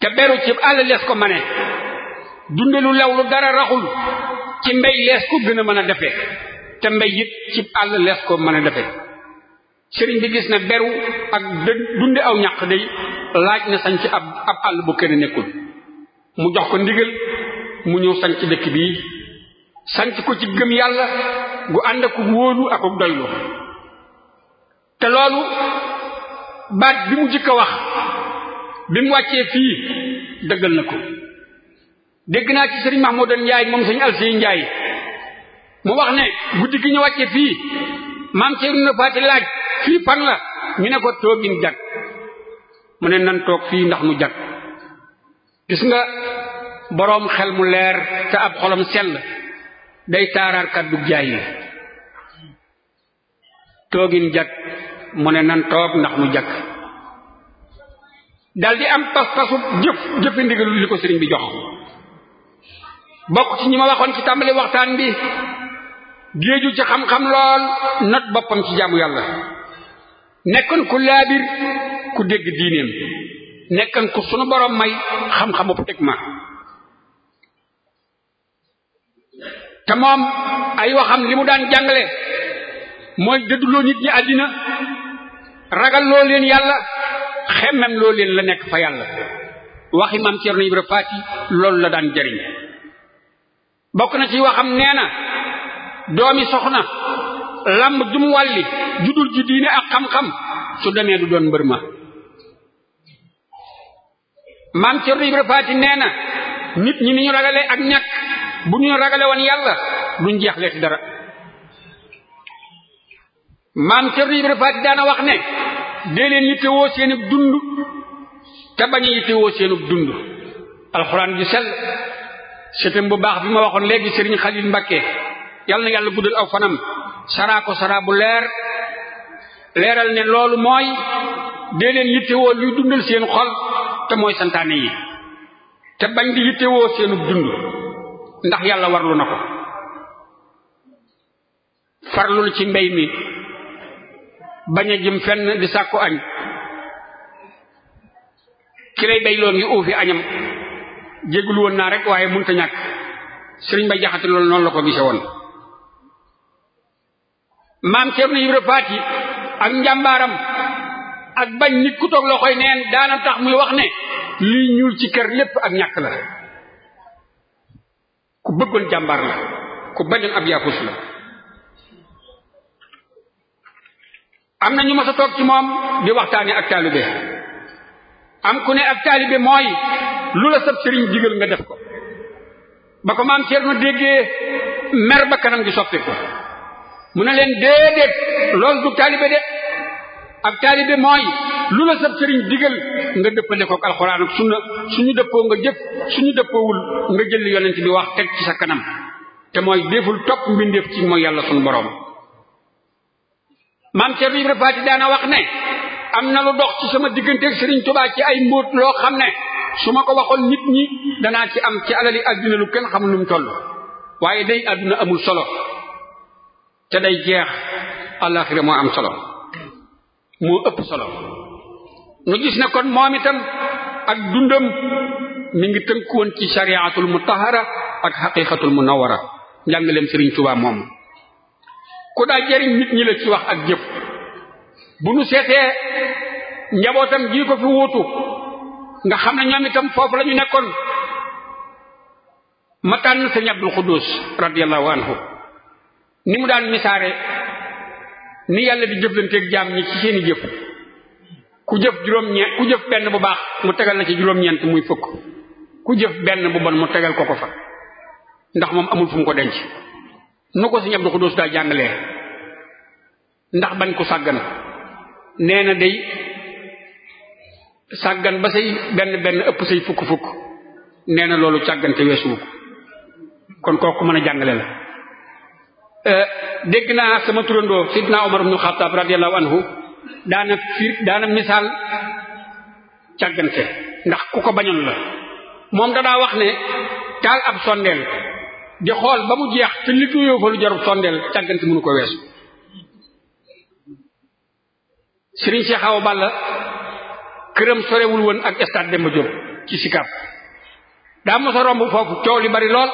te beru ci àll lees ko mane dunde lu lew dara raxul ci mbey lees ko gën a mën a defe te mbey it ci àll lees ko mën a defe sëriñ bi gis na beru ak dunde aw ñaq day laaj na sañ ci ab ab àll bu kenn nekkul mu jox ko ndigal mu ñëw sañ dëkk bii sanc ko ci gëm yàlla gu ànd ak wóolu ak ak doylu te loolu baat bi mu jëkk a wax bi mu wàccee fii dëggal na ko dégg naa ci sëriñ Mahmoudan Njaay moom sëriñ Alsey Njaay mu wax ne guddi gi ñu wàccee fii maam Seeru na faati laaj fii fan la ñu ne ko toogin jag mu ne nan fii ndax mu jag gis nga boroom xel mu leer te ab xolam sell day taaraar kàddu jaay yi toogin jag mu ne nan toog ndax mu jag dal di am pas-pasu jëf jëfi li ko sëriñ bi jox bokk ci ñi ma waxoon ci tàmbali waxtaan bi géeju ci xam-xam lool not boppam ci jaamu yàlla nekkoon ku laabir ku dégg diineem nekkoon ku sunu borom may xam-xamu teg ma te moom ay waxam li mu daan jàngale mooy dëdduloo nit ñi àddina ragal loo leen yàlla xemmem leen la nekk fa yàlla waxi maam Cerno Ibra Faati loolu la daan jariñ bokk na ci waxam nee na doomi soxna lamb jum wàlli judul ji diine ak xam-xam su demee du doon mbër ma maam Cerno Ibra Faati nee na nit ñi ni ñu ragale ak ñàkk bu ñu ragale woon yàlla duñ jeexle ci dara maam Cerno Ibra Faati daana wax ne dee leen yittewoo seenub dund te bañ a yittewoo seenub dund alxuraan ju sell setam bu baax bi ma waxoon léegi Sëriñ Xalil mbakke yàlla na yàlla guddal aw fanam saraa ko saraa bu leer leeral ne loolu mooy dee leen yittewoo luy dundal seen xol te mooy santaane yi te bañ di yittewoo seenub dund ndax yàlla warlu na ko farlul ci mbey mi bañ jëm fenn di sàkku añ ki lay bey loon ngi uufi añam jéggul woon naa rek waaye munta ñàkk sëriñ ba jaxate loolu noonu la ko gise woon maam Cerno Ibra Faati ak njàmbaaram ak bañ nit ku toog loo neen daana tax muy wax ne lii ñuul ci kër lépp ak ñàkk la ku bëggoon jàmbaar ku bañoon ab yaafus la am na ñu mës a toog ci moom di waxtaane ak taalibe am ku ne ak taalibe mooy lu la sab sëriñ digal nga def ko ba ko maam Cerno déggee mer ba kanam gi soppi ko mu ne leen déedéet loolu du taalibe de ak taalibe mooy lu la sab sëriñ digal nga dëppale kook alxuraan ak sunna suñu dëppoo nga jëf suñu dëppoowul nga jël yonent bi wax teg ci sa kanam te mooy déeful topp mbindeef ci mooy yàlla suñu boroom maam Thierno Ibrahima Fati daana wax ne am na lu dox ci sama digganteeg Serigne Touba ci ay mbóot loo xam ne su ma ko waxoon nit ñi danaa ci am ci alali adduna lu kenn xamul nu mu toll waaye day adduna amul solo te day jeex àllaaxira moo am solo moo ëpp solo. nu gis ne kon moom itam ak dundam mi ngi tënkuwoon ci shariatul mutahara ak xaqiqatul munawara leen Sëriñ Tuubaa moom ku daa jëriñ nit ñi la ci wax ak jëf bu nu seetee njabootam jii ko fi wuutu nga xam ne ñoom foofu la nekkoon ma tànn sëñ Abdul Xuddus radiyallahu anhu ni mu daan misaare ni yàlla di jëflanteeg jaam ñi ci seeni jëf ku jëf juróom-ñeent ku jëf benn bu baax mu tegal la ci juróom-ñeent muy fukk ku jëf benn bu bon mu tegal ko ko fa ndax moom amul fu ko denc nu ko Sëriñ Abdu Xudoos daa jàngalee ndax bañ ko sàggan nee na day sàggan ba say benn benn ëpp sëy fukk-fukk nee na loolu càggante weesuwu ko kon kooku mën a jàngale la euh, dégg naa sama turandoo sidna Omar ibnu Xattaab radiyallahu anhu daana fi daana misaal càggante ndax ku ko bañoon la moom dadaa wax ne taal ab sondeel di xool ba mu jeex te li tuyoo fa lu jarul sondeel càggante mënu ko weesu sëriñ Cheikh Awa Balla këram sorewul woon ak stade Demba Diop ci Sicap daa mos a romb foofu coow li bari lool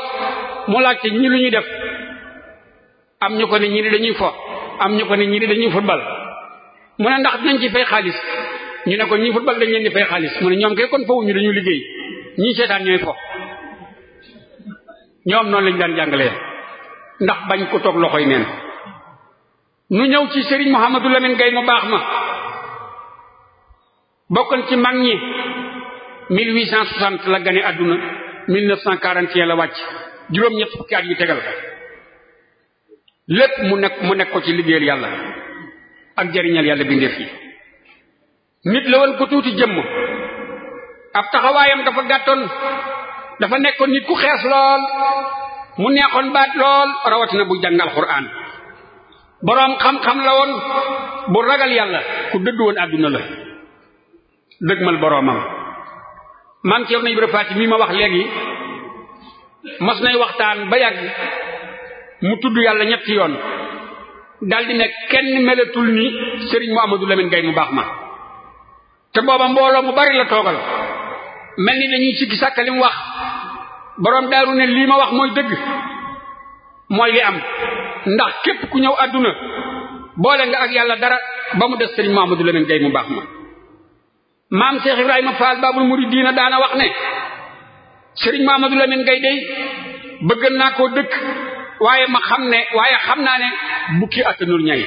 mu laajte ñi lu ñuy def am ñu ko ne ñii di dañuy fo am ñu ko ne ñi di dañuy football mu ne ndax nañ ci fay xaalis ñu ne ko ñi football dañ leen di fay xaalis mu ne ñoom kay kon fawuñu dañu liggéey ñii seetaan ñooy fo ñoom noonu lañ daan jàngalee ndax bañ ko toog loxoy neen nu ñëw ci sëriñ Mouhamadou Lamine gay mu baax ma bokkoon ci mag ñi 1860 la gane àdduna 1941 la wàcc juróom ñett fukki yu tegal lépp mu nekk mu nekk ko ci liggéeyal yàlla ak jariñal yàlla bindeef yi nit la woon ko tuuti jëmm ab taxawaayam dafa gàttoon dafa nekkoon nit ku xees lool mu neexoon baat lool rawatina bu jàngal quraan boroom xam-xam la woon bu ragal yàlla ku dëddu woon àdduna la dëgmal boroomam na Ceerno Ibra Faati mi ma wax léegi mas nay waxtaan ba yàgg mu tudd yàlla ñetti yoon daldi ne kenn melatul ni sëriñ Muhammadu Lamin Gay mu baax ma te booba mbooloo mu bari la toogal mel ni dañuy sikki sàkka mu wax boroom daaru ne lii ma wax mooy dëgg mooy li am ndax képp ku ñëw àdduna boole nga ak yàlla dara ba mu des sëriñ Muhammadu Lamin Gay mu baax ma maam Cheikh Ibrahima Fall Baabul Muridiina daana wax ne sëriñ du Lamin Gay day bëgg naa koo dëkk waaye ma xam ne waaye xam naa ne bukki attanul ñay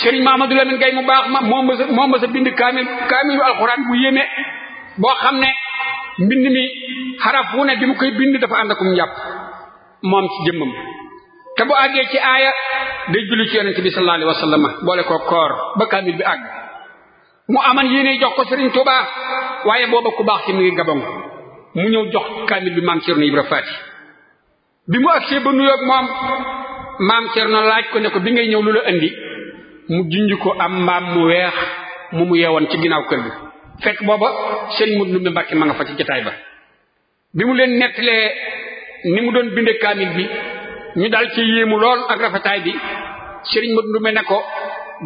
sëriñ Mamadou Lamine Gaye mu baax ma moom mës a moo mës a bind kaamil kaamilu alxuraan bu yéeme boo xam ne mbind mi xaraf wu ne bi mu koy bind dafa ànd akum njàpp moom ci jëmmam te bu àggee ci aaya day julli ci yonente bi sallallahu alayhi wa sallam boole ko koor ba kaamil bi àgg mu aman yéene jox ko sëriñ Tuubaa waaye booba ku baax ci mu ngi gabon mu ñëw jox kaamil bi maam Cerno Ibra Faati bi mu agsee ba nuyoog moom maam Cerno laaj ko ne ko bi ngay ñëw lu la indi mu junj ko am mbaam mu weex mu mu yewoon ci ginnaaw kër gi fekk booba sëñ mu ndumbi Mbàkke ma nga fa ci jotaay ba bi mu leen nettalee ni mu doon binde kaamil bi ñu dal ci yéemu lool ak rafetaay bi sëriñ mu ndumbi ne ko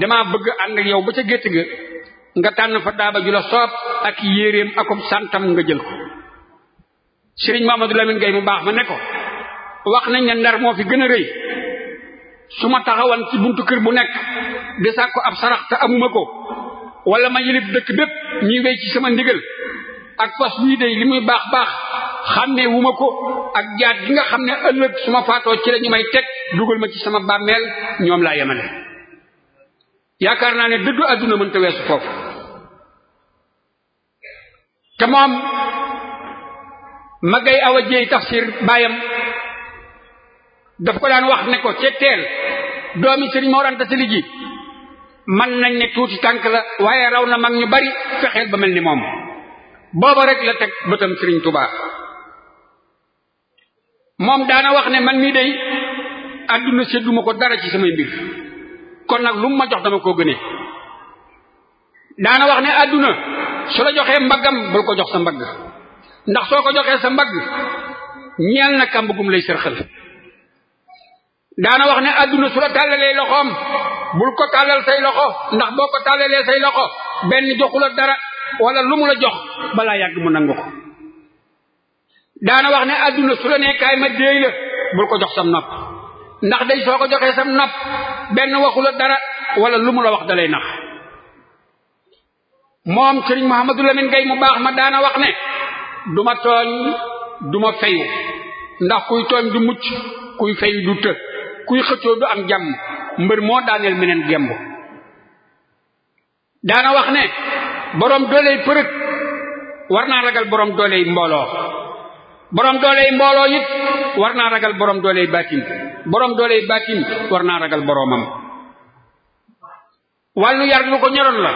dama bëgg ànd yow ba ca gétt ga nga tànn fa daaba ju soob ak yéreem akum santam nga jël ko sëriñ Mamadou Lamine Gueye mu baax ma ne ko wax nañ ne ndar moo fi gën a rëy su ma taxawan ci buntu kër bu nekk di sàkku ab sarax amuma ko wala ma yilib dëkk bépp ñuy wéy ci sama ndigal ak fas bii day li muy baax baax xàmmee wu ma ko ak jaat gi nga xam ne ëllëg su ma faatoo ci lañu may teg dugal ma ci sama bàmmeel ñoom laa yemale yaakaar naa ne dëddu àdduna mënta weesu foofu te magay awa jeey baayam daf ko daan wax ne ko ca teel doomi sëriñ Mor Anta Sali ji man nañ ne tuuti tànk la waaye raw na mag ñu bari fexeel ba mel ni moom booba rek la teg bëtam sëriñ Touba moom daana wax ne man mii day àdduna sédduma ko dara ci samay mbir kon nag lu mu ma jox dama koo gënee daana wax ne àdduna su la joxee mbaggam bul ko jox sa mbagg ndax soo ko joxee sa mbagg ñeel na kàmb kàmbugum lay sërxal daana wax ne àdduna su la tàllalee loxoom bul ko tàllal say loxo ndax boo ko tàllalee say loxo benn joxu la dara walla lu mu la jox balaa yàgg mu nangu ko daana wax ne àdduna su la nee kaay ma déey bul ko jox sam nopp ndax day soo ko joxee sam nopp benn waxu la dara wala lu mu la wax dalay nax moom sëriñ Mouhamadou Lamine Gaye mu baax ma daana wax ne du ma tooñ duma feyu ndax kuy tooñ du mucc kuy feyu du të kuy xëccoo du am jàmm mbër moo daaneel meneen gemb daana wax ne borom dooley përëg war naa ragal boroom borom yi mbooloo borom dooley mbooloo it war naa ragal borom dooley baatin borom dooley baatin war naa ragal boromam. wàllu yar lu ko ñoroon la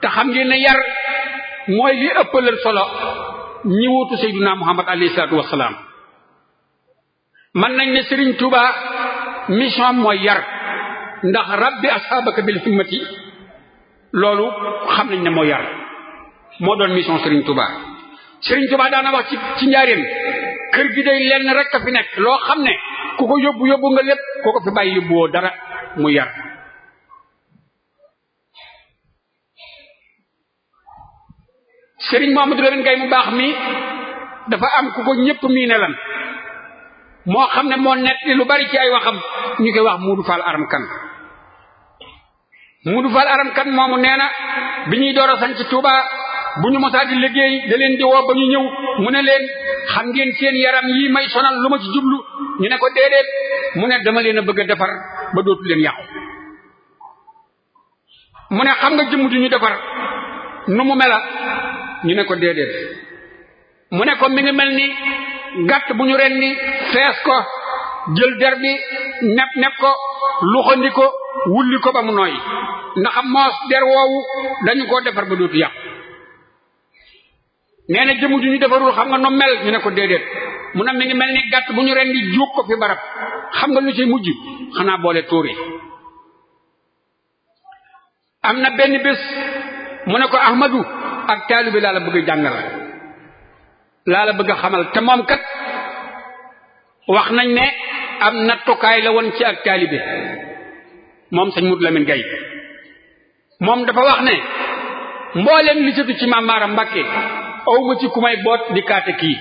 te xam ngeen ne yar mooy li ëppalal solo ñi wuutu sayyiduna muhammad alayhi salaatu wassalaam man nañ ne Serigne Touba mission mooy yar ndax rabbi ashabaka bil himmati loolu xam nañ ne moo yar moo doon mission Serigne Touba Serigne Touba daana wax ci ci njaareem kër gi day lenn rek a fi nekk loo xam ne ku ko yóbbu yóbbu nga lépp ku ko fi bàyyi yóbbuwoo dara mu yar Serigne Mamadou Lamine Gaye mu baax mi dafa am ku ko ñépp mii ne lan moo xam ne moo nett lu bari ci ay waxam ñu koy wax Moodu Fall Aram Kan Moodu Fall Aram Kan moomu nee na bi ñuy door a sanc bu ñu mosaa di liggéey da leen di woo ba ñu ñëw mu ne leen xam ngeen seen yaram yi may sonal lu ma ci jublu ñu ne ko déedéet mu ne dama leen a bëgg a defar ba dootu leen yàqu mu ne xam nga jëmm ju ñu defar nu mu mela ñu ne ko déedéet mu ne ko mi ngi mel ni gàtt bu ñu rendi fees ko jël der bi nepp nepp ko luxandi ko wulli ko ba mu nooy ndax moos der woowu dañu koo defar ba dootu yàqu nee na jëmu ju ñu defarul xam nga no mel ñu ne ko déedéet mu ne mi ngi mel ni gàtt bu ñu rendi juug ko fi barab xam nga lu ci mujj xanaa boole tuuri am na benn bés mu ne ko Ahmadu ak taalibi laa la bëgg jàngal laa la bëgg a xamal te moom kat wax nañ ne am nattukaay la woon ci ak taalibe moom sëñ Mut Lamin Gay moom dafa wax ne mbooleem li sëtu ci Maam Maaram Mbàkke awma ci ku may boot di kaate kii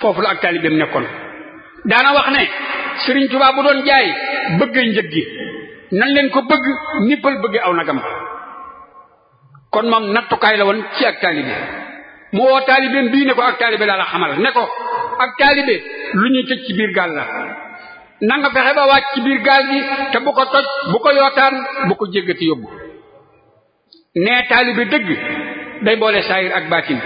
foofu la ak taalibeem nekkoon daana wax ne Sëriñ Tuubaa bu doon jaay bëgg njëg gi nan leen ko bëgg nippal bëgg aw nagam kon moom nattukaay la woon ci ak taalibe mu woo taalibeem bii ne ko ak taalibe laa la xamal ne ko ak taalibe lu ñuy tëj ci biir gaal la na nga fexe ba wàcc ci biir gaal gi te bu ko toj bu ko yootaan bu ko jéggati yóbbu nee taalibe dëgg day boole saayir ak baatin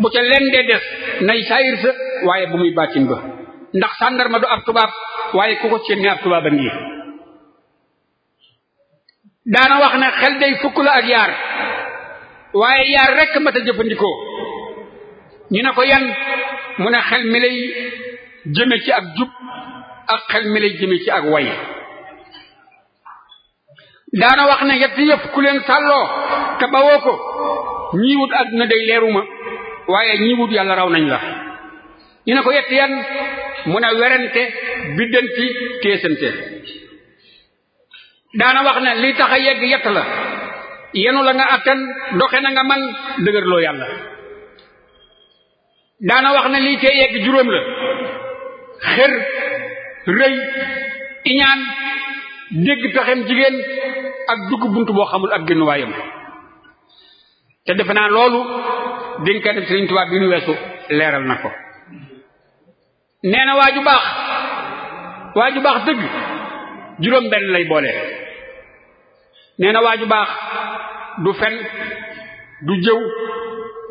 bu ca leen dee des nay saayir sa waaye bu muy baatin ba ndax sàndarma du ab tubaab waaye ku ko ci ne ab tubaab a ngi daana wax ne xel day fukk la ak yaar waaye yaar rekk mat a jëfandikoo ñu ne ko yan mu ne xel mi lay jëme ci ak jub ak xel mi lay jëme ci ak way daana wax ne yett yëpp ku leen sàlloo te bawoo ko ñii wut àdduna leeru ma waaye ñii yàlla raw nañ la ñu ne ko yett yan mu ne werante biddanti téesante daana wax ne li tax a yegg yett la yenu la nga attan doxe na nga man dëgërloo yàlla daana wax na lii tee yegg juróom la xër rëy iñaan dégg pexem jigéen ak dugg bunt boo xamul ab génn waayam te defe naa loolu dénkaane Sëriñ Tuubaa bi nu weesu leeral na ko nee na waa ju baax waa ju baax dëgg juróom benn lay boole nee na waa ju baax du fen du jëw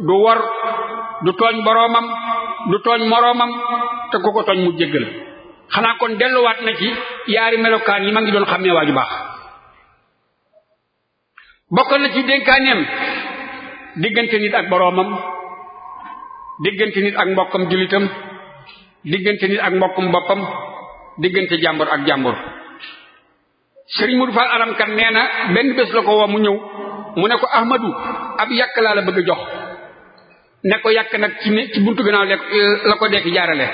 du wor du tooñ boroomam du tooñ moroomam te ku ko tooñ mu jéggal xanaa kon delluwaat na ci yaari melokaan yi ma ngi doon waa waaju baax bokk na ci dénkaaneem diggante nit ak boroomam diggante nit ak mbokkam jullitam diggante nit ak mbokkum boppam diggante jàmbur ak jàmbur sëriñ Mudu Faal aramkan nee na benn bés la ko woo mu ñëw mu ne ko Ahmadu ab yàkk laa la bëgg a jox ne ko yàq nag ci buntu gannaaw euh, la ko dekk jaarale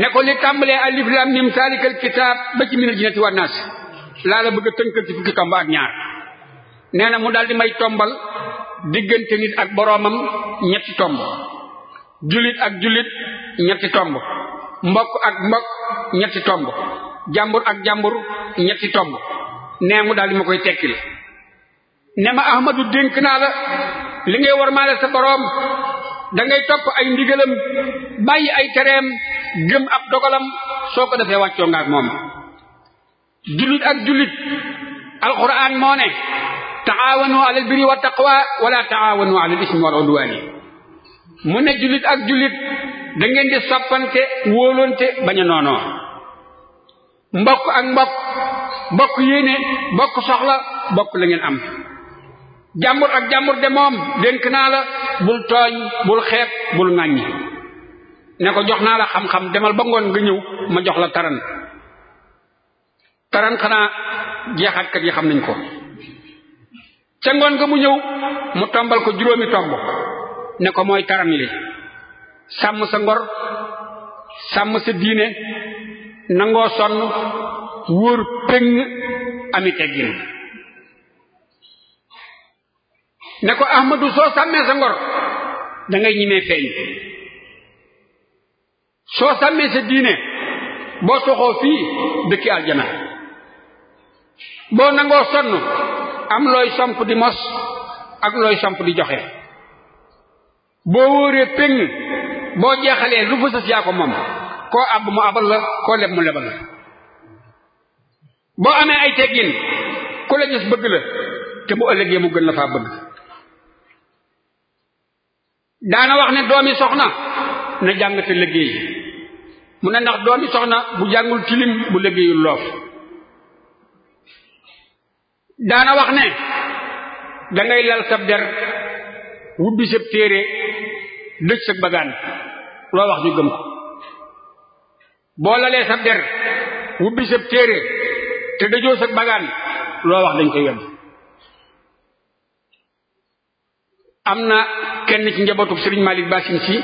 ne ko li tàmbalee alif lam mim salikal kitaab ba ci minal jinnati wan naas laa la bëgg a ci fukki tomb ak ñaar nee na mu daal di may tombal diggante nit ak boroomam ñetti tomb jullit ak jullit ñetti tomb mbokk ak mbokk ñetti tomb jàmbur ak jàmbur ñetti tomb nee mu daal ma koy tekkil ne ma ahmadu dénk naa la li ngay warmaale sa boroom da ngay topp ay ndigalam bàyyi ay tereem gëm ab dogalam soo ko defee wàccoo nga ak moom jullit ak jullit alquran moo ne taawanu alal birri wa taqwa wala taawanu alal ismi wal udwani mu ne jullit ak jullit da ngeen di soppante wóolonte bañ a noonoo mbokk ak mbokk bokk yéene bokk soxla bokk la ngeen am jàmbur ak jàmbur de moom dénk naa la bul tooñ bul xeet bul ŋàññi ne ko jox naa la xam-xam demal ba ngoon nga ñëw ma jox la taran taran xanaa jeexaatkat yi xam nañ ko ca ngoon nga mu ñëw mu tombal ko juróomi tomb ne ko mooy taran li sàmm sa ngor sàmm sa diine nangoo sonn wóor péng ami teggin ne ko ahmadu soo sàmmee sa ngor da ngay ñimee feeñ soo sàmmee sa diine boo toxoo fii dëkki aljana boo nangoo sonn am looy samp di mos ak looy samp di joxe boo wóoree péng boo jeexalee lu fa sës yaa ko moom koo àbb mu abal la koo leb mu lebal la boo amee ay teggin ku la gis bëgg la te bu ëllëgee mu gën la faa bëgg daana wax ne doomi soxna na jàng jàngate liggéey mu ne ndax doomi soxna bu jàngul tilim bu liggéeyul loof daana wax ne dangay lal sab der wubbi sab téere dëj sa bagaan loo wax ñu gëm boo lalee sab der wubbi sab téere te dëjoo sa bagaan loo wax dañ koy wedd am na kenn ci njabootu sëriñ Malick Bassine si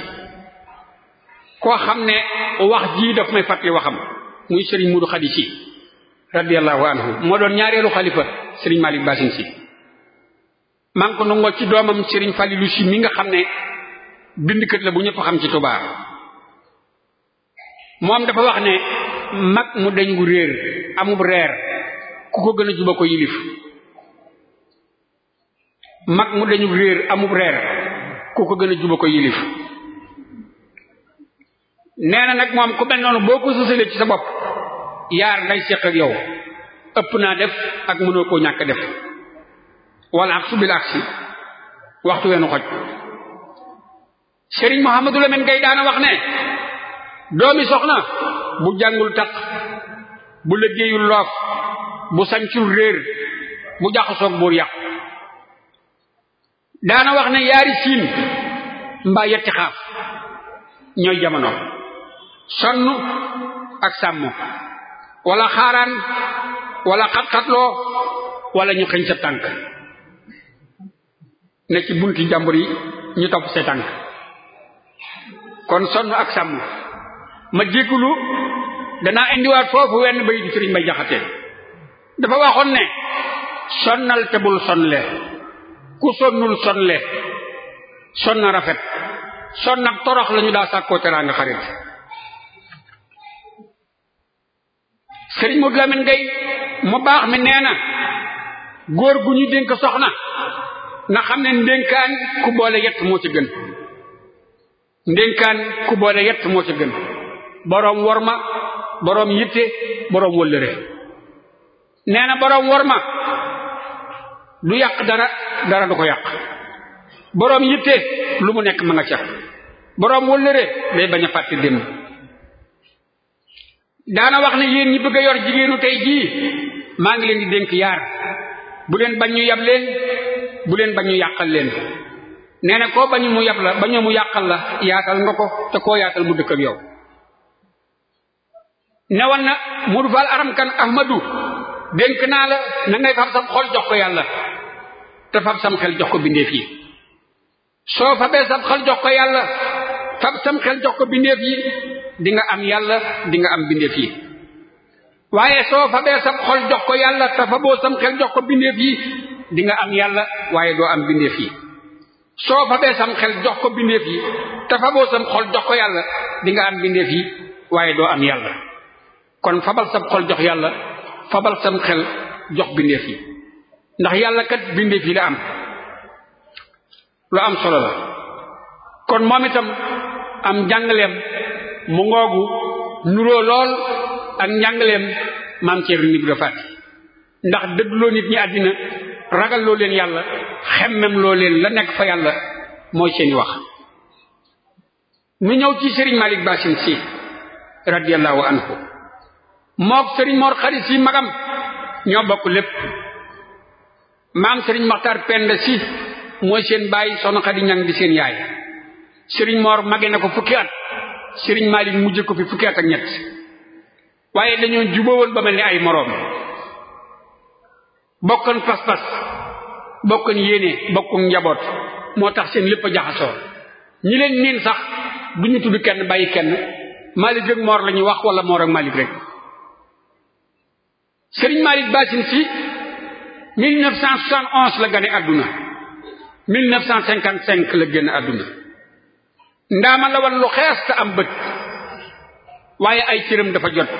koo xam ne wax jii daf may fàttali waxam muy Serigne Modou Khady si radiyallahu anhu moo doon ñaareelu xalifa sëriñ Malick Bassine si man ngi ko nangoo ci doomam sëriñ Falilou si mi nga xam ne bindkat la bu ñépp xam ci Touba moom dafa wax ne mag mu dañ gu réer amub mu reer ku ko gën a juba ko yilif nee nag moom ku mel noonu boo ko sësalee ci sa bopp yaar ngay séq ak yow ëpp naa def ak mënoo koo ñàkk def wala ak subil ak si waxtu weenu xoj sëriñ Mouhamadou Lamine Gaye daana wax ne doomi soxna bu jàngul taq bu liggéeyul loof bu sañcul réer bu jaxasoog buur yàqu daana wax ne yaari siin mbaa yetti xaaf ñooy jamono sonn ak sàmm wala xaaraan wala xat-xatloo wala ñu xëñ sa tànk ne ci bunti jàmbur yi ñu topp sa tànk kon sonn ak sàmm ma jéggulu dana indiwaat foofu wenn bay di sëriñ bay jaxate dafa waxoon ne sonnal te bul sonle ku sonnul sonle sonn rafet sonn na torox lañu daa sàkkoo teraanga xarit sëriñ Modou Lamine Gueye mu baax mi nee na góor gu ñu dénk soxna na xam ne ndénkaan ku boole yett moo ci gën ndénkaan ku boole yett moo ci gën boroom worma boroom yitte boroom wëllëre nee na boroom worma du yàq dara dara du ko yàq boroom yitte lu mu nekk mën a ca boroom wëllëre day bañ a fàtte démb daana wax ne yéen ñi bëgg yor jigéenu tey jii maa ngi leen di dénk yaar bu leen bañ ñu yab leen bu leen bañ ñu yàqal leen nee na koo bañ mu yab la bañoo mu yàqal la yaatal nga ko te koo yaatal mu dëkk ak yow newoon na Modou Fall aram kan Ahmadou dénk naa la na ngay fab sa xol jox ko yàlla te fab sam xel jox ko bindeef yi soo fabee sam xel jox ko yàlla fab sam xel jox ko bindeef yi di nga am yàlla di nga am bindeef yi waaye soo fabee jox ko yàlla te faboo jox ko bindeef yi di nga am yàlla waaye doo am bindeef yi soo fabee sam xel jox ko bindeef yi te faboo sam xol jox ko yàlla dinga am bindeef yi waaye doo am yàlla kon fabal sam xol jox yàlla fabal sam xel jox bindeef yi ndax yàlla kat bindee fii la am lu am solo la kon moom itam am njàngaleem mu ngoogu nuroo lool ak njàngaleem maam Ceerno Ibra Faati ndax dëddloo nit ñi àddina ragalloo leen yàlla xemmem loo leen la nekk fa yàlla mooy seeni wax mu ñëw ci sëriñ Malick Bassine si radiyallahu anhu mook sëriñ Mor Xari si magam ñoo bokk lépp maam sëriñ maxtar penda si mooy seen bàyyi soxna xadi ñang di seen yaay sëriñ moor mage na ko fukki at sëriñ maalik mujj ko fi fukki at ak ñett waaye dañoo jubóowoon ba mel ni ay moroom bokkoon pas-pas bokkoon yéene bokkoon njaboot moo tax seen lépp jaxasoo ñi leen niin sax du tudd kenn bàyyi kenn maalik rek moor la wax wala moor ak maalik rek sëriñ maalik baasin si 1971 la gane àdduna 1955 la génn àdduna ndaama la wan lu xees te am bët waaye ay cëram dafa jot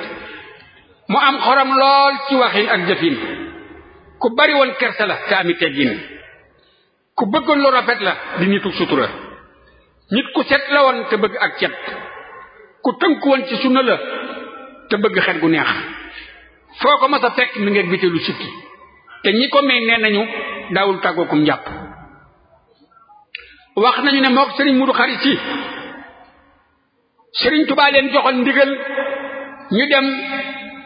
mu am xorom lool ci waxin ak jëfin ku bari woon kersa la te ami teggin ku bëggoon lu rafet la di nitu sutura nit ku set la woon te bëgg ak cet ku tënku woon ci sunna la te bëgg xet gu neex foo ko mas a fekk mi ngeeg biteelu sikki te ñi ko may nee nañu daawul tàggookum njàpp wax nañu ne mook sëriñ mudu xari si sëriñ tubaa leen joxoon ndigal ñu dem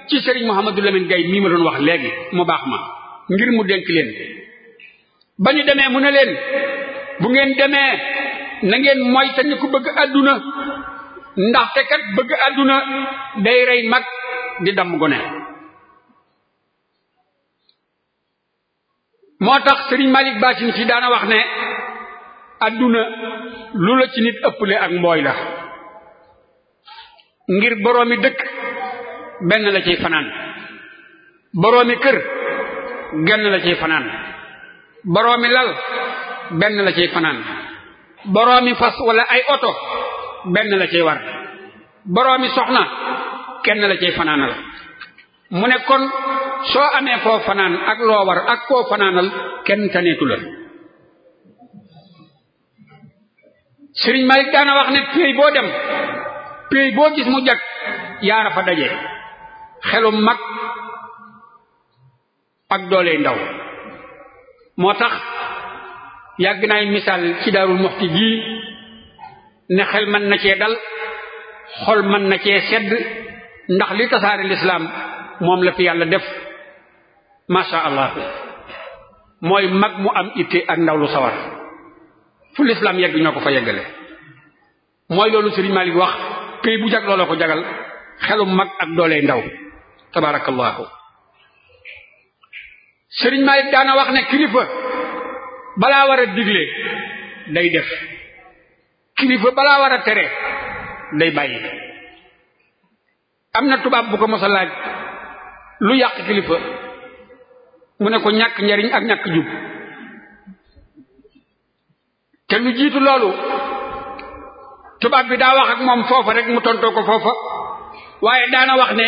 ci sëriñ Mouhamadou Lamine Gaye mii ma doon wax léegi mu baax ma ngir mu dénk leen ba ñu demee mu ne leen bu ngeen demee na ngeen mooy sañ ku bëgg àdduna ndaxte kat bëgg àdduna day rey mag di damm gone moo tax sëriñ Malick ba ci daana wax ne adduna lu la ci nit ëpple ak mbooy la ngir boroomi dëkk benn la ciy fanaan boroomi kër genn la ciy fanaan boroomi lal benn la ciy fanaan boroomi fas walla ay oto benn la ciy war boroomi soxna kenn la ciy fanaanal mu ne kon soo amee foo fanaan ak loo war ak koo fanaanal kenn taneetu la sëriñ Malik daana wax ne péey boo dem péey boo gis mu jag yaara fa daje xelum mag ak dooley ndaw moo tax yàgg naay misaal ci daarul moxti gii ne xel mën na cee dal xol mën na cee sedd ndax li tasaare lislaam moom la fi yàlla def macha allah mooy mag mu am itte ak ndaw lu sawar fu lislaam yegg ñoo ko fa yeggale mooy loolu sëriñ Malick wax këy bu jag looloo ko jagal xelum mag ak doolee ndaw tabaarakallaahu sëriñ Malick daana wax ne kilifa balaa war a digle day def kilifa balaa war a tere day bàyyi am na tubaab bu ko mos a laaj lu yàq kilifa mu ne ko ñàkk njariñ ak ñàkk jub te lu jiitu loolu tubaab bi daa wax ak moom foofa rek mu tontoo ko foofa waaye daana wax ne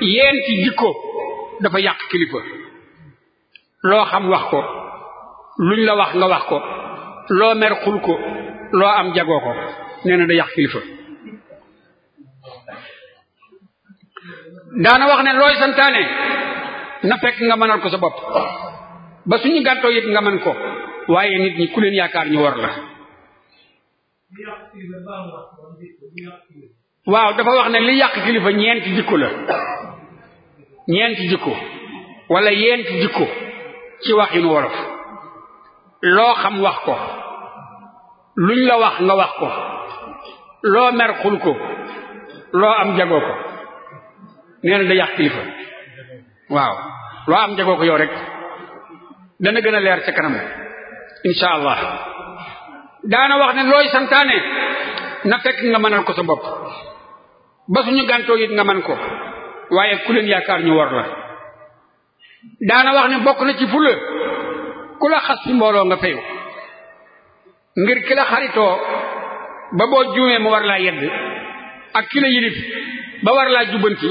yéen ci jikko dafa yàq kilifa loo xam wax ko luñ la wax nga wax ko loo mer xul ko loo am jagoo ko nee na da yàq kilifa daana wax ne looy santaane na fekk nga mënal ko sa bopp ba suñu gàttoo it nga mën ko waaye nit ñi ku yaakaar ñu war la waaw dafa wax ne li yàq kilifa ñeenti jikko la ñeenti jikko walla yeenti jikko ci waxinu wolof loo xam wax ko luñ la wax nga wax ko loo mer xul ko loo am jagoo ko nee na da yàq kilifa waaw loo am jagoo yow rek dana gën a leer ca kanam insha allah daana wax ne looy santaane na fekk nga mënal ko sa bopp ba suñu gàntoo nga man ko waaye ku leen yaakaar ñu war la daana wax ni bokk na ci fula ku la xas ci mbooloo nga feyu ngir ki xaritoo ba boo juumee mu war laa yedd ak ki la yilif ba war laa jubbanti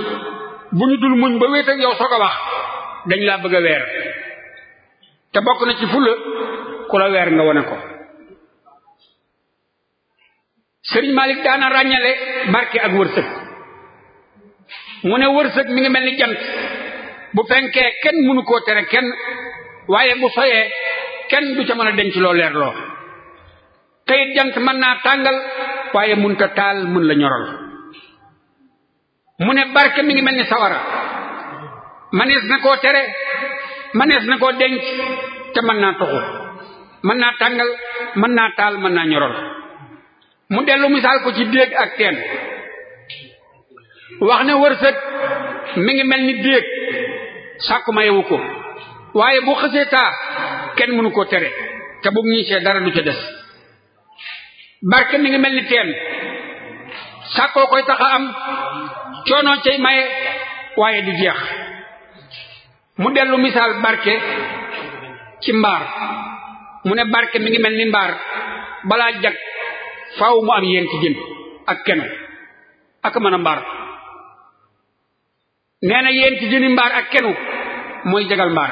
bu ñu dul muñ ba wéet ak yow soog wax dañ laa bëgg a weer te bokk na ci fula ku la weer nga wone ko sëriñ Malick daana ràññale barke ak wërsëg mu ne wërsëg mi ngi mel ni jant bu fenkee kenn mënu koo tere kenn waaye bu soyee kenn du ca mën a denc loo leer loo teyit jant mën naa tàngal waaye mënta taal mën la ñoral mu ne barke mi ngi mel ni sawara manees na koo tere manees na koo denc te mën naa toxu mën naa tàngal mën naa taal mën naa ñorol mu dellu misaal ko ci déeg ak teen wax ne wërsëg mi ngi mel ni déeg sàkku mayewu ko waaye bu xësee taa kenn mënu koo tere te bu ñiisee dara du ca des barke mi ngi mel ni teen sàkkoo koy tax a am coono cay maye waaye du jeex mu dellu misaal barke ci mbaar mu ne barke mi ngi mel ni mbaar balaa jag faaw mu am yéen ci jën ak keno ak mën mbaar nee na yéen ci jëni mbaar ak kenu mooy jagal mbaar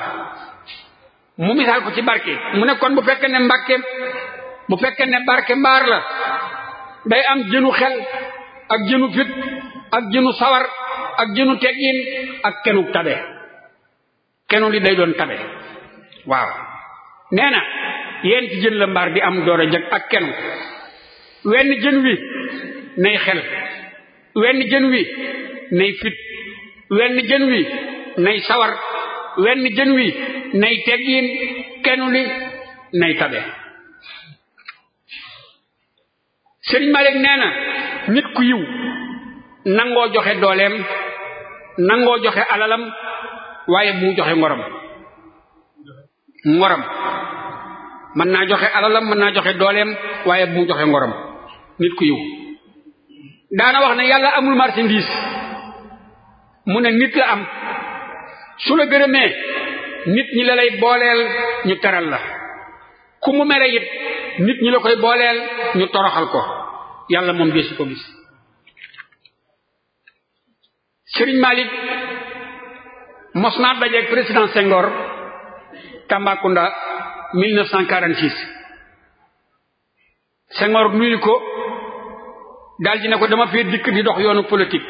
mu misaal ko ci barke mu ne kon bu fekkee ne mbakke bu fekkee ne barke mbaar la day am jënu xel ak jënu fit ak jënu sawar ak jënu teggin ak kenu tabe kenu li day doon tabe waaw nee na yéen jën la mbaar di am door a jëg ak kenu wenn jën wi nay xel wenn jën wi nay fit wenn jën wi nay sawar wenn jën wi nay teggin kenu li nay tabe sëriñ Malick nee na ku yiw nangoo joxe dooleem nangoo joxe alalam waaye bu mu joxe ngorom ngorom mën naa joxe alalam mën naa joxe dooleem waaye mu joxe ngorom nit ku yiw daana wax ne yàlla amul marchandise mu ne nit la am su la gërëmee nit ñi la lay booleel ñu teral la ku mu mere nit ñi la koy booleel ñu toroxal ko yàlla moom deesu ko gis Sëriñ Malick mos naa dajeeg président Senghor Tambacounda 1946 Senghor nuyu ko daal ne ko dama fee dikk di dox yoonu politique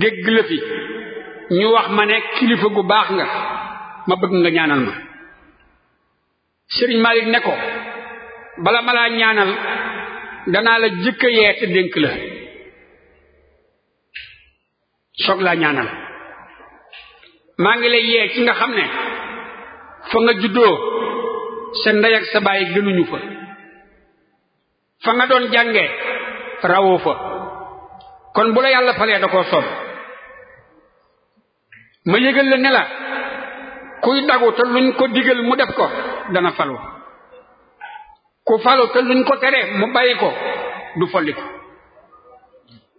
dégg la ñu wax ma ne kilifa gu baax nga ma bëgg nga ñaanal ma Sëriñ Malick ne ko bala malaa ñaanal danaa la jëkk a dénk la soog laa ñaanal maa ngi lay yee ci nga xam ne fa nga juddoo sa sa baay gënuñu fa fa nga doon jànge rawoo fa kon bu la yàlla falee da koo soob ma yëgal la ne la kuy dagu te luñ ko digal mu def ko dana falu ku falu te luñ ko tere mu bàyyi ko du folli ko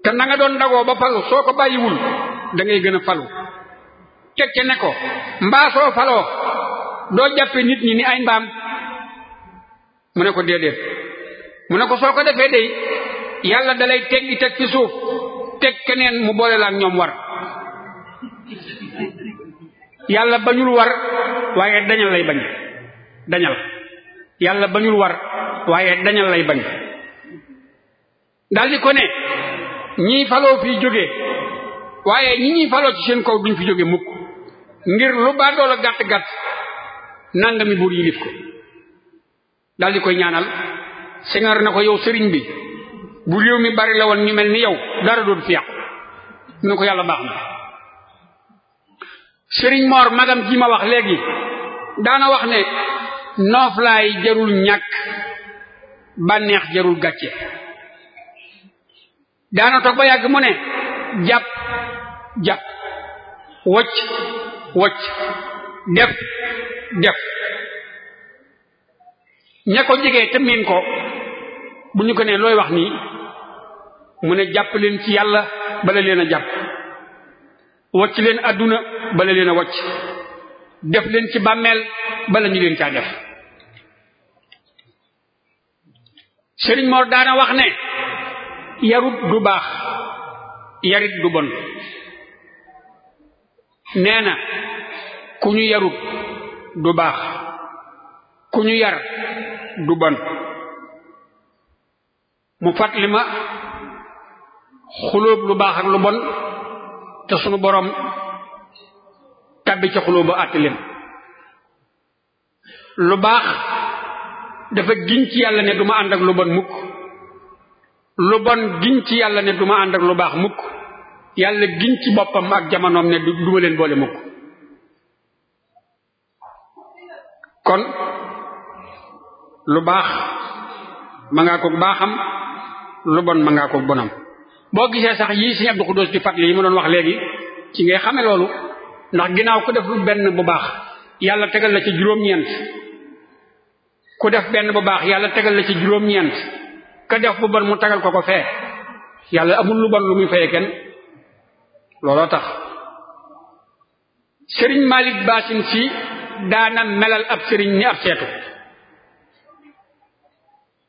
te na nga doon dagoo ba falu soo ko bàyyiwul da ngay gën a falu teg ca ne ko mbaa soo faloo doo jàppe nit ñi ni ay mbaam mu ne ko déedéet mu ne ko soo ko defee day yàlla dalay teggi teg ci suuf teg keneen mu boole laak ñoom war yàlla bañul war waaye dañal lay bañ dañal yàlla bañul war waaye dañal lay bañ daldi ko ne ñii faloo fii jóge waaye ñi faloo ci seen kaw duñ fi jóge mukk ngir lu baadoola gàtt gàtt nangami buur yilif ko daldi koy ñaanal sengar na ko yow sëriñ bi bu réew mi bari la woon ñu mel ni yow dara doon fi yàqu mu ko yàlla baax na sëriñ moor magam ji ma wax léegi daana wax ne nooflaay jarul ñàkk bànneex jarul gàcce daana toog ba yàgg mu ne jàpp jàpp wocc wocc def def ña ko jege te miin ko bu ñu ko nee looy wax nii mu ne jàpp leen ci yàlla bala leen a jàpp wocc leen àdduna bala leen a wocc def leen ci bàmmeel bala ñu leen caa def sëriñ Mor daana wax ne yarut du baax yarit du bon nee na ku ñu yarut du baax ku ñu yar du bon mu fàttali ma xulóob lu baax ak lu bon te sunu boroom tàbbi ca xulóob ba àttilim lu baax dafa giñ yàlla ne duma ànd ak lu bon mukk lu bon giñ ci yàlla ne du ma ànd ak lu baax mukk yàlla giñ ci boppam ak jamonoom ne du ma leen boole mukk kon lu baax ma ngaa ko baaxam lu bon ma ngaa ko bonam boo gisee sax yii Sëriñ Abdou Khoudoss di fàttali yi ma doon wax léegi ci ngay xame loolu ndax ginnaaw ku def lu benn bu baax yàlla tegal la ci juróom-ñeent ku def benn bu baax yàlla tegal la ci juróom-ñeent ka def bu bon mu tagal ko ko fee yàlla amul lu bon lu muy fayee kenn looloo tax sëriñ Malick Basin si daana melal ab sëriñ ni ab seetu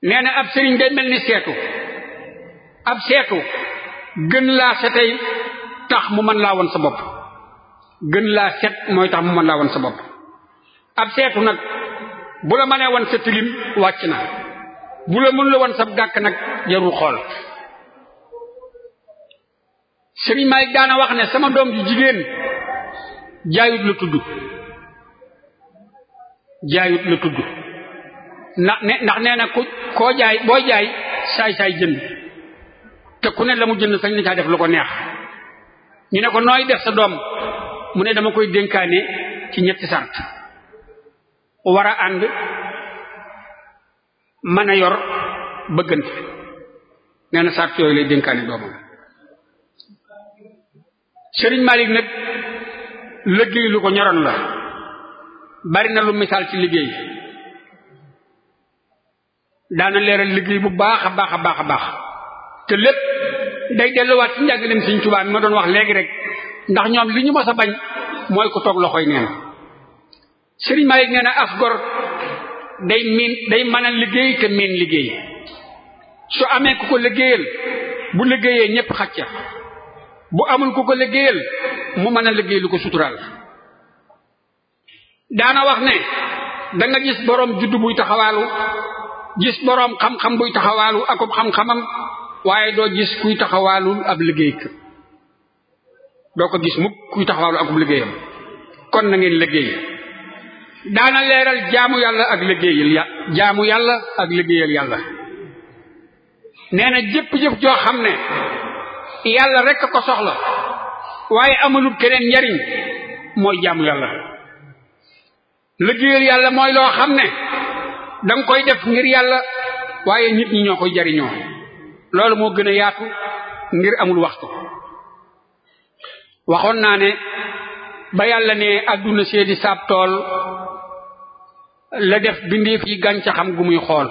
nee na ab sëriñ day mel ni seetu ab seetu gën laa setey tax mu mën laa woon sa bopp gën laa set mooy tax mu mën laa woon sa bopp ab seetu nag bu la mënee woon sa tilim wàcc na bu la mën la woon sab gàkk nag jarul xool sëriñ Malick daana wax ne sama doom ju jigéen jaayut la tudd jaayut la tudd ndax ne ndax nee na ku koo jaay boo jaay saay-saay jën te ku ne la mu jënd sañ na caa def lu ko neex ñu ne ko nooy def sa doom mu ne dama koy dénkaane ci ñetti sart war a ànd mën a yor bëggante nee na sart yooyu lay dénkaane doomam Serigne Malick nag liggéey lu ko ñoroon la bari na lu misaal ci liggéey daana leeral liggéey bu baax a baax a baax a baax te lépp day delluwaat ci njàngaleem Serigne Touba mi ma doon wax léegi rek ndax ñoom li ñu mës a bañ mooy ko toog loxoy neen Serigne Malick nee na as day miin day mën liggéey te miin liggéey su amee ku ko liggéeyal bu liggéeyee ñépp xacca bu amul ku ko liggéeyal mu mën a liggéey lu ko suturaal daana wax ne danga gis boroom juddu buy taxawaalu gis boroom xam-xam buy taxawaalu akum xam-xamam waaye doo gis kuy taxawaalul ab liggéey doo ko gis mukk kuy taxawaalu akub liggéeyam kon na ngeen liggéey daana leeral jaamu yàlla ak liggéeyal ya jaamu yàlla ak liggéeyal yàlla nee na jëpp jëf joo xam ne yàlla rekk ko soxla waaye amalut keneen njariñ mooy jaamu yàlla liggéeyal yàlla mooy loo xam ne danga koy def ngir yàlla waaye nit ñi ñoo koy jariñoo loolu moo gën a yaatu ngir amul waxtu waxoon naa ne ba yàlla ne àdduna seedi saab tool la def bindeef yi gàncaxam gu muy xool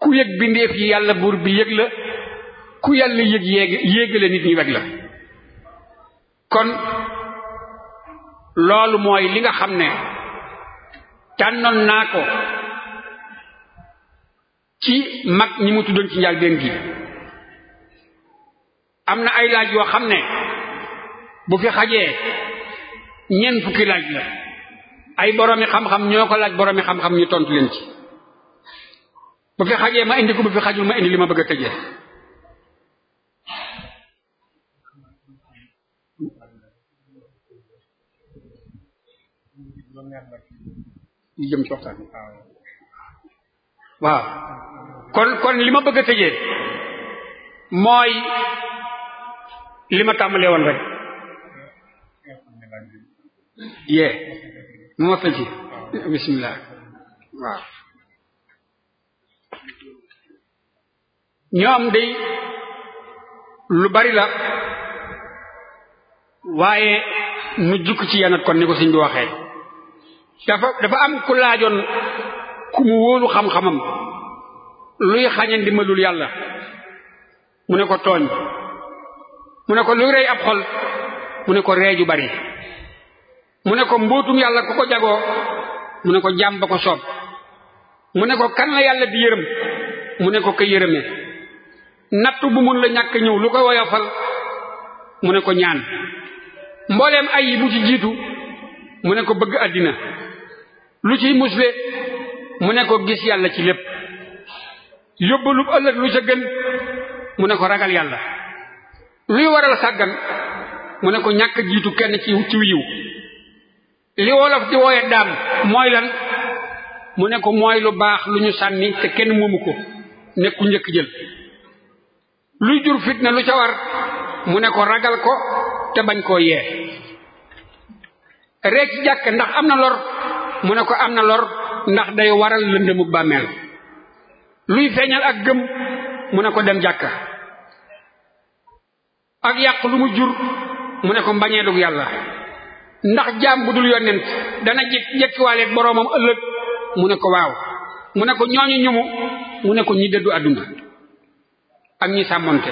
ku yëg bindeef yi yàlla buur bi yëg la ku yàlla yëg yéeg yéegale nit ñi weg la kon loolu mooy li nga xam ne tànnoon naa ko ci mag ñi mu tuddoon ci njàlbéen gi am na ay laaj yoo xam ne bu fi xajee ñeent fukki laaj la ay boroomi xam-xam ñoo ko laaj boroomi xam-xam ñu tontu leen ci bu fi xajee ma indi ko bu fi xajul ma indi li ma bëgg a tëjee waaw kon kon li ma bëgg a tëjee mooy li ma tàmbalee woon rek yee mu motal ci bismillah waaw ñoom lu bari la waaye mu jukk ci yanat kon ni ko sëñ bi waxee dafa dafa am ku laajoon ku mu wóolu xam-xamam luy xañe ndimbalul yàlla mu ne ko tooñ mu ne ko luy rey ab xol mu ne ko ree ju bari mu ne ko mbóotum yàlla ku ko jagoo mu ne ko jaam ba ko soob mu ne ko kan la yàlla di yërëm mu ne ko ka yërëmee natt bu mun la ñàkk ñëw lu ko woyofal mu ne ko ñaan mbooleem ay yi bu ci jiitu mu ne ko bëgg àddina lu ciy musle mu ne ko gis yàlla ci lépp yóbbalu ëllëg lu ca gën mu ne ko ragal yàlla luy waral sàggan mu ne ko ñàkk jiitu kenn ci ci li wolof di wooye daan mooy lan mu ne ko mooy lu baax lu ñu sànni te kenn moomu ko ne ku njëkk jël luy jur fitna lu ca war mu ne ko ragal ko te bañ koo yee ree ci jàkk ndax am na lor mu ne ko am na lor ndax day waral lëndëmu bàmmeel luy feeñal ak gëm mu ne ko dem jàkka ak yàq lu mu jur mu ne ko mbañeelug yàlla ndax jaam bu dul yonent dana jekk jekkiwaaleeg boroomam ëllëg mu ne ko waaw mu ne ko ñooñu ñumu mu ne ko ñi dëddu àdduna ak ñi sàmmonte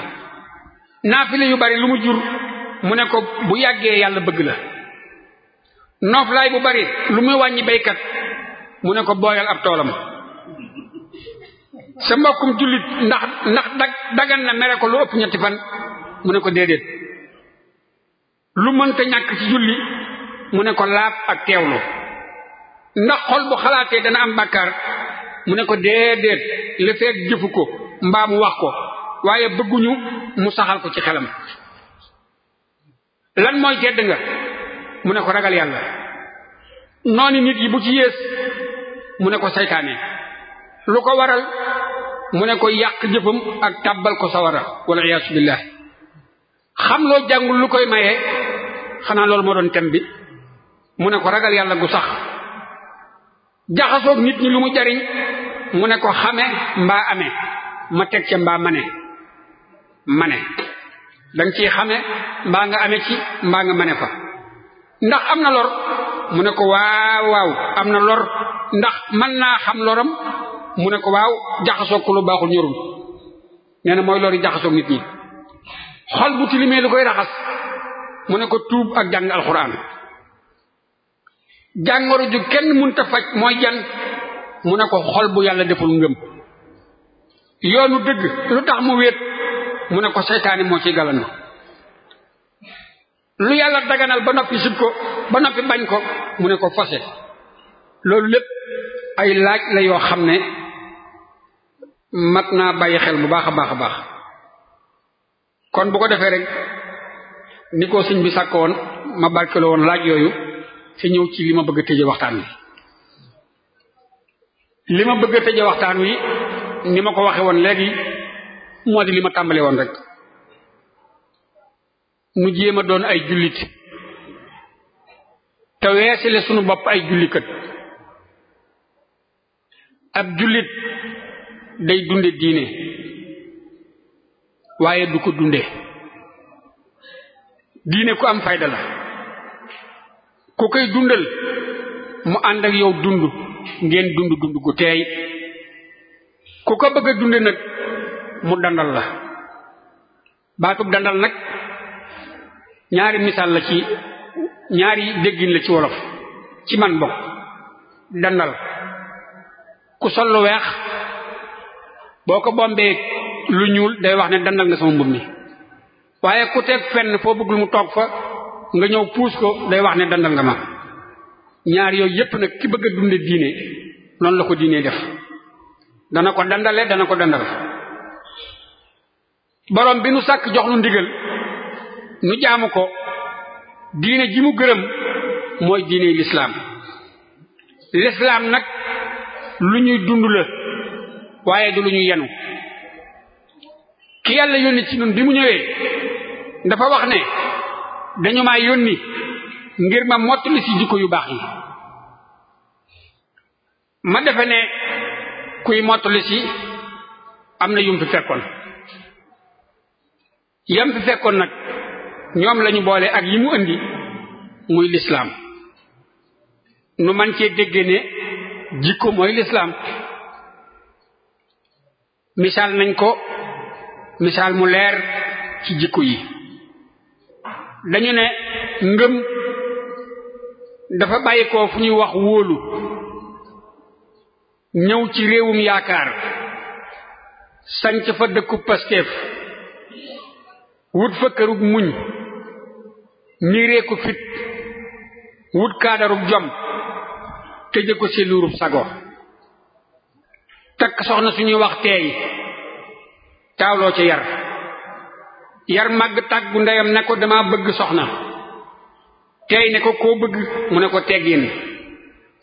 naafile yu bari lu mu jur mu ne ko bu yàggee yàlla bëgg la nooflaay bu bari lu muy wàññi baykat mu ne ko booyal ab toolam sa mbokkum jullit ndax ndax dag dagan na mere ko lu ëpp ñetti fan mu ne ko déedéet lu mënta ñàkk ci julli mu ne ko laab ak teewlu ndax xol bu xalaatee dana am bàkkaar mu ne ko déedéet li fekk jëfu ko mbaa mu wax ko waaye bëgguñu mu saxal ko ci xelam lan mooy tedd nga mu ne ko ragal yàlla noonu nit yi bu ci yées mu ne ko saytaane lu ko waral mu ne ko yàq jëfam ak tàbbal ko sawara wala iyaasu xam loo jàngul lu koy mayee xanaa loolu moo doon tem bi mu ne ko ragal yàlla gu sax jaxasoog nit ñi lu mu jariñ mu ne ko xame mbaa ame ma teg ca mbaa mane mane danga ciy xame mbaa nga ame ci mbaa nga mane fa ndax am na lor mu ne ko waaw waaw am na lor ndax man naa xam loram mu ne ko waaw jaxasoog ku lu baaxul ñorul nee mooy lori jaxasoog nit ñi xol bu tilimee lu koy raxas mu ne ko tuub ak jàng alxuraan jàngoro ju kenn mënta faj mooy jan mu ne ko xol bu yàlla deful ngëm yoonu dëgg lu tax mu wéet mu ne ko seytaane moo ci galan lu yàlla daganal ba noppi sib ko ba noppi bañ ko mu ne ko fase loolu lépp ay laaj la yoo xam ne mat naa bàyyi xel bu baax a baax a baax kon bu ko defee rek ni ko sëñ bi sàkk ma barkeloo woon laaj yooyu ci ñëw ci li ma bëgg a tëje waxtaan wi li ma bëgg a tëje waxtaan wi ni ma ko waxe woon léegi moo di li ma tàmbale woon rek nu jéem a doon ay jullit te weesile sunu bopp ay jullikat ak jullit day dunde diine waaye du ko dunde diine ku am fayda la ku koy dundal mu ànd ak yow dund ngeen dund dund gu teey ku ko bëgg a nag mu dandal la baatub dandal nag ñaari misaal la ci ñaari déggin la ci wolof ci man bokk dandal ku sol lu weex boo ko bombee lu ñuul day wax ne dandal nga sama mbubb mi waaye ku fenn foo bëgg mu toog fa nga ñëw puus ko day wax ne dandal nga ma ñaar yooyu yépp nag ki bëgg a dunde diine noonu la ko diine def dana ko dandale dana ko dandal borom bi nu sàkk jox nu ndigal nu jaamu ko diine ji mu gërëm mooy diine lislaam lislaam nag lu ñuy dund la waaye du lu ñuy yenu ki yàlla yónni ci ñun bi mu ñëwee dafa wax ne dañu maa yónni ngir ma mottali ci jikko yu baax yi ma defe ne kuy mottali ci am na yum fi fekkoon yam fi fekkoon nag ñoom lañu boole ak yi mu indi muy lislaam nu man cee dégge ne jikko mooy lislaam misaal nañ ko misaal mu leer ci jikko yi dañu ne ngëm dafa bàyyi ko fu ñuy wax wóolu ñëw ci réewum yaakaar sanc fa dëkku Pastef wut fa kërug muñ niiree ko fit wut kaadarug jom tëje ko ci luurub sago takk soxna ñuy wax teey taawloo ci yar yar màgg tàggu ndeyam ne ko dama bëgg soxna tey na ko koo bëgg mu ne ko teggin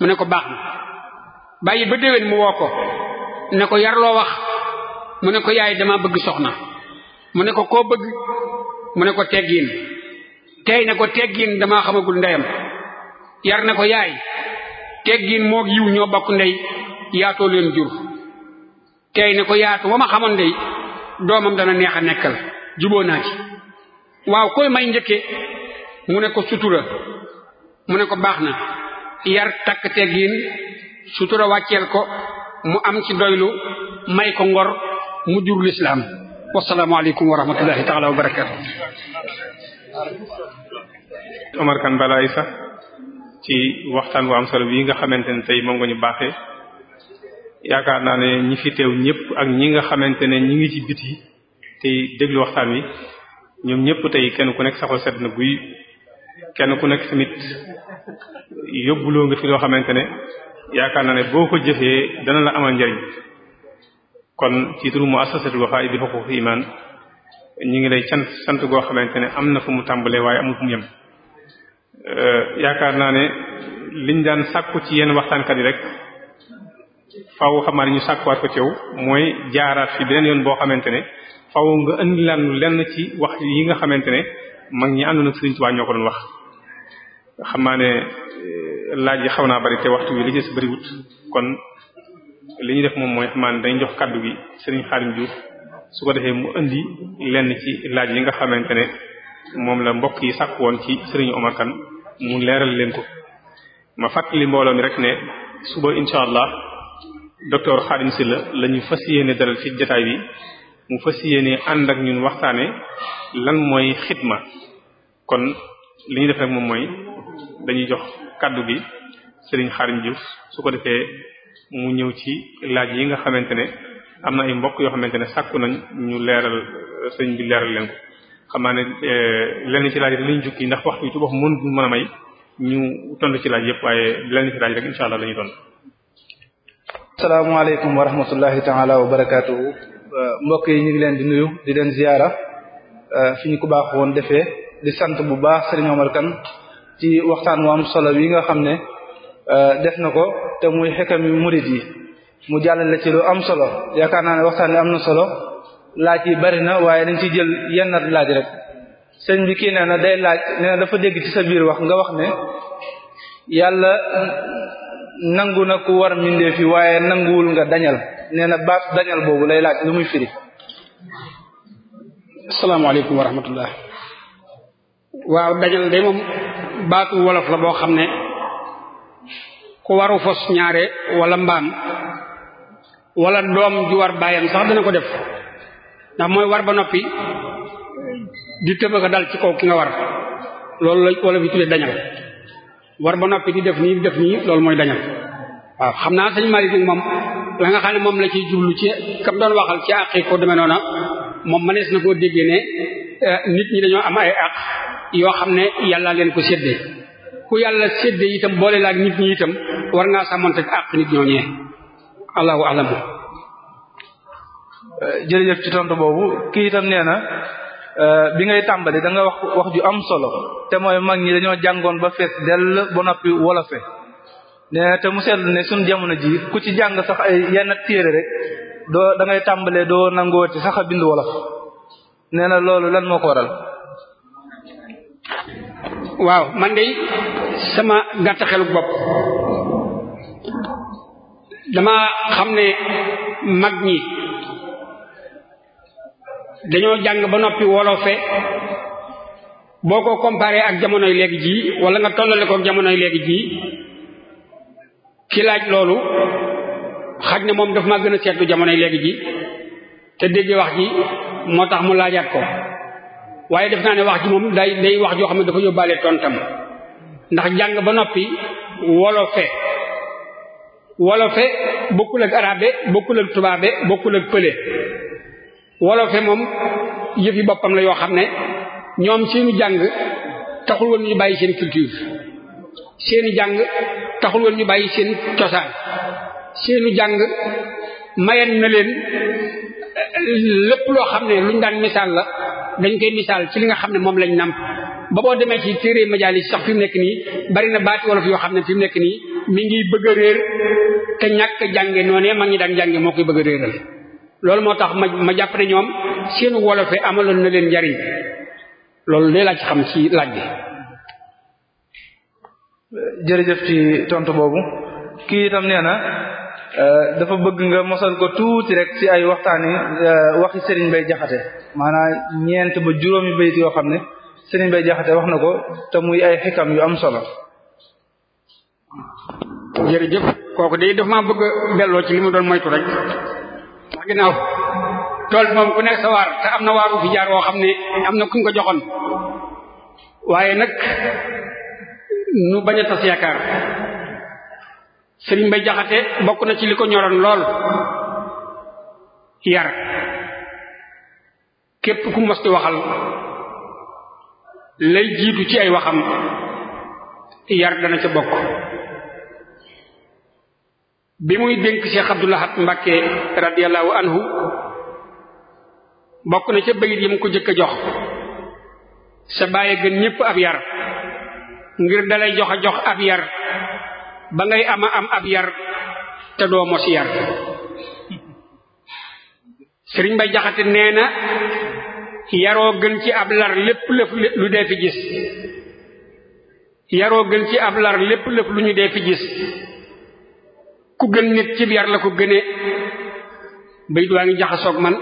mu ne ko baax bàyyi ba déwén mu woo ko ne ko yarloo wax mu ne ko yaay dama bëgg soxna mu ne ko koo bëgg mu ne ko teggiin tey ne ko teggiin dama xamagul ndeyam yar na ko yaay teggiin moog yiw ñoo bokk ndey yaatoo leen jur tey ne ko yaatu wa ma xamoon ndey doomam dana neex a nekkal juboo naa ci waaw koy may njëkke mu ne ko sutura mu ne ko baax na yar takk teggiin sutura wàcceel ko mu am ci doylu may ko ngor mu jur lislaam wasalaamualeykum wa rahmatullahi taala wa barakaatu Omar sax ci waxtaan bu am solo bii nga xamante ne tey moom nga ñu baaxee yaakaar naa ne ñi fi teew ñëpp ak ñi nga xamante ne ñi ngi ci biti tey déglu waxtaan wi ñoom ñëpp tey kenn ku nekk saxol sedd na guy kenn ku nekk tamit yóbbuloo nga fi loo xamante ne yaakaar naa ne boo ko jëfee dana la amal njariñ kon ci turu muassasatul Wafa bi huququl iman ñi ngi lay sant sant goo xamante ne am na fu mu tàmbalee waaye amul fu mu yem euh, yaakaar naa ne liñ daan sàkku ci yenn waxtaankat yi rek faaw xamaa ne ñu sàkkuwaat ko ci yow mooy jaaraat fi beneen yoon boo xamante ne faw nga indi lan lenn ci wax yi nga xamante ne mag ñi àndoon ak Sëriñ Tuubaa ñoo ko doon wax xam naa ne eh, laaj yi xaw naa bari te waxtu wi li ci bariwut kon li ñuy def moom mooy xam ne dañ jox kàddu gi Sëriñ Xaadim Diouf su ko defee mu indi lenn ci laaj yi nga xamante ne moom la mbokk yi sàkk woon ci Sëriñ Omar Kan mu leeral leen ko ma fàttali mbooloo mi rek ne suba incha allah docteur Xaadim si la ñu fas yéene dalal ci jotaay bi mu fas yéene ànd ak ñun waxtaane lan mooy xidma kon li ñu def rek moom mooy dañuy jox kàddu gi Serigne Xarim Diouf su ko defee mu ñëw ci laaj yi nga xamante ne am na ay mbokk yoo xamante ne sàkku nañ ñu leeral sëñ bi leeral leen ko xam naa ne eh, lenn ci laaj rek lañu jukki ndax waxtu ci boppam mënut mën a may ñu tontu ci laaj yëpp waaye lenn ci laaj rek incha allah la ñuy tontu. asalaamaaleykum wa rahmatullahi wa barakaatuhu. Euh, mbokk yi ñu ngi leen di nuyu di leen ziyaara euh, fi ñu ko baax woon defee di sant bu baax Serigne Omar Kane ci waxtaan wu am solo yi nga xam ne euh, def na ko te muy xekami murid yi mu la ci lu am solo yaakaar naa ne waxtaan wi am na solo laaj yi bari na waaye dañ ci jël yenn laaj rek sëñ bi kii nee na day laaj nee na dafa dégg ci sa biir wax nga wax ne yàlla nangu na ku war a yi waaye nanguwul nga dañal nee na baat dañal boobu lay laaj lu muy firi asalaamaaleykum wa rahmatullah waaw dañal day moom baatu wolof la boo xam ne ku waru fos ñaare walla mbaam walla doom ju war bàyyam sax dana ko def ndax mooy war ba noppi di tëbëka dal ci kaw ki nga war loolu la wala bi tuddee dañal war ba noppi di def nii di def nii loolu mooy dañal waaw xam naa sëñ Malick nag moom la nga xam ne moom la ciy jublu ci kam doon waxal ci àq yi ko demee noona moom manees na koo déggee ne euh, nit ñi dañoo am ay àq yoo xam ne yàlla leen ko séddee ku yàlla séddee itam boole laak nit ñi itam war ngaa sàmmante ak àq nit ñooñee allahu alamu euh, jërëjëf ci tontu boobu kii itam nee na Euh, bi ngay tàmbali da nga wax wax ju am solo te mooy mag ñi dañoo jàngoon ba fees dell ba noppi wolofe ne te mu seetlu ne suñ jamono ji ku ci jàng sax ay yenn téere rek doo da tàmbalee doo nangoo ci sax a bind wolof nee na loolu lan moo ko waral. waaw man de sama gàtt xeluk bopp dama xam ne mag ñi. dañoo jàng ba noppi wolofe boo ko comparé ak jamonoy léegi jii wala nga tollale ko ak jamonoy léegi jii ki laaj loolu xaj na moom daf maa gën a seetu jamonoy léegi ji te dégg wax ji moo tax mu laajaat ko waaye def naa ne wax ji moom day day wax joo xam ne dafa yóbbaale tontam ndax jàng ba noppi wolofe wolofe bokkul ak arabe bokkul ak tubaabe bokkul ak pële wolofe moom yëf yi boppam la yoo xam ne ñoom seenu jàng taxul woon ñu bàyyi seen culture seeni jàng taxul woon ñu bàyyi seen cosaan seenu jàng mayen na leen eh, lépp loo xam ne luñ daan misaal la dañ koy misaal ci li nga xam ne moom lañ nàmp ba boo demee ci téere majaalis sax fi mu nekk nii bari na baati wolof yoo xam ne fi mu nekk nii mi ngi bëgg a réer te ñàkk jànge noonee mag ñu daan jànge moo koy bëgg a réeral loolu moo tax ma ma jàpp ne ñoom seen wolofe amaloon na leen njariñ loolu lee laa ci xam ci laaj bi jërëjëf ci tontu boobu kii itam nee na euh, dafa bëgg nga mosal ko tuuti rek ci ay waxtaani euh, waxi Serigne Bay Jaxate maanaa ñeent ba juróomi bayit yoo xam ne Serigne Bay Jaxate wax na ko te muy ay xikam yu am solo jërëjëf kooku de dafa ma bëgg a ci li mu doon moytu rek ginnaaw tool moom ku nekk sa te am na waaru fi woo xam ne am na kuñ ko joxoon waaye nag nu bañ a tas yaakaar sëriñ Mbay Jaxate bokk na ci li ko ñoroon lool yar képp ku mos di waxal lay jiitu ci ay waxam yar dana ca bokk bi muy dénk Cheikh Abdou Lahad Mbacké radiyallahu anhu bokk na ca bayit yi mu ko jëkk a jox sa bàyyi gën ñépp ab yar ngir dalay jox a jox ab yar ba ngay ama am ab yar te doo mos yar sëriñ bay jaxate nee na yaroo gën ci ab lar lépp lëf lu dee fi gis yaroo gën ci ab lar lépp lëf lu ñu dee fi gis ku gën nit ci yar la ko gënee bayit waa ngi jaxasoog man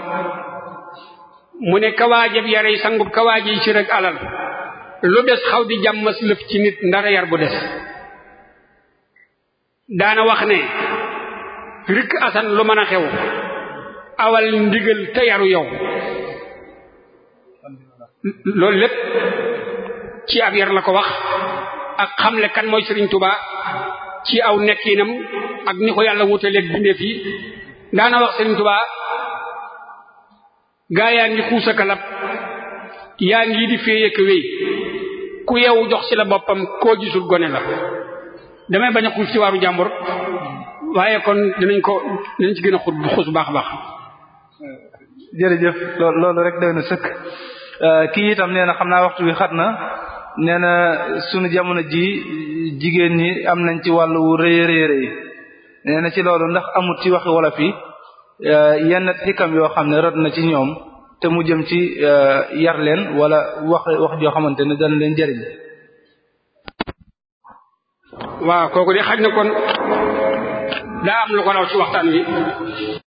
mu ne kawaajab yare yi sangub kawaaj yi ci rek alal lu des xaw di jàmmas lëf ci nit ndara yar bu des daana wax ne rikk asan lu mën a xew awal ndigal te yaru yow loolu lépp ci ab yar la ko wax ak xamle kan mooy Sëriñ Tuubaa ci aw nekkinam ak ni ko yàlla wutaleeg bindéef yi daana wax Sëriñ Tuubaa gaa yaa ngi xuus ak kalab yaa ngi di féey ak ku yeewu jox ci la boppam koo gisul gone la damay bañ a xuus ci waaru jàmbur waaye kon danañ ko dinañ ci gën a xut xuus baax baax jërëjëf loolu rek doy na sëkk kii itam nee na xam naa waxtu wi xat na nee na sunu jamono ji jigéen ñi am nañ ci wàll wu rëy rëy rëy nee na ci loolu ndax amut ci waxi wolof yi eh, yenn xikam yoo xam ne rot na ci ñoom te mu jëm ci eh, yar leen wala wax wax joo xamante ne dana leen jëriñ waaw kooku de xaj na kon daa am lu ko raw ci waxtaan wi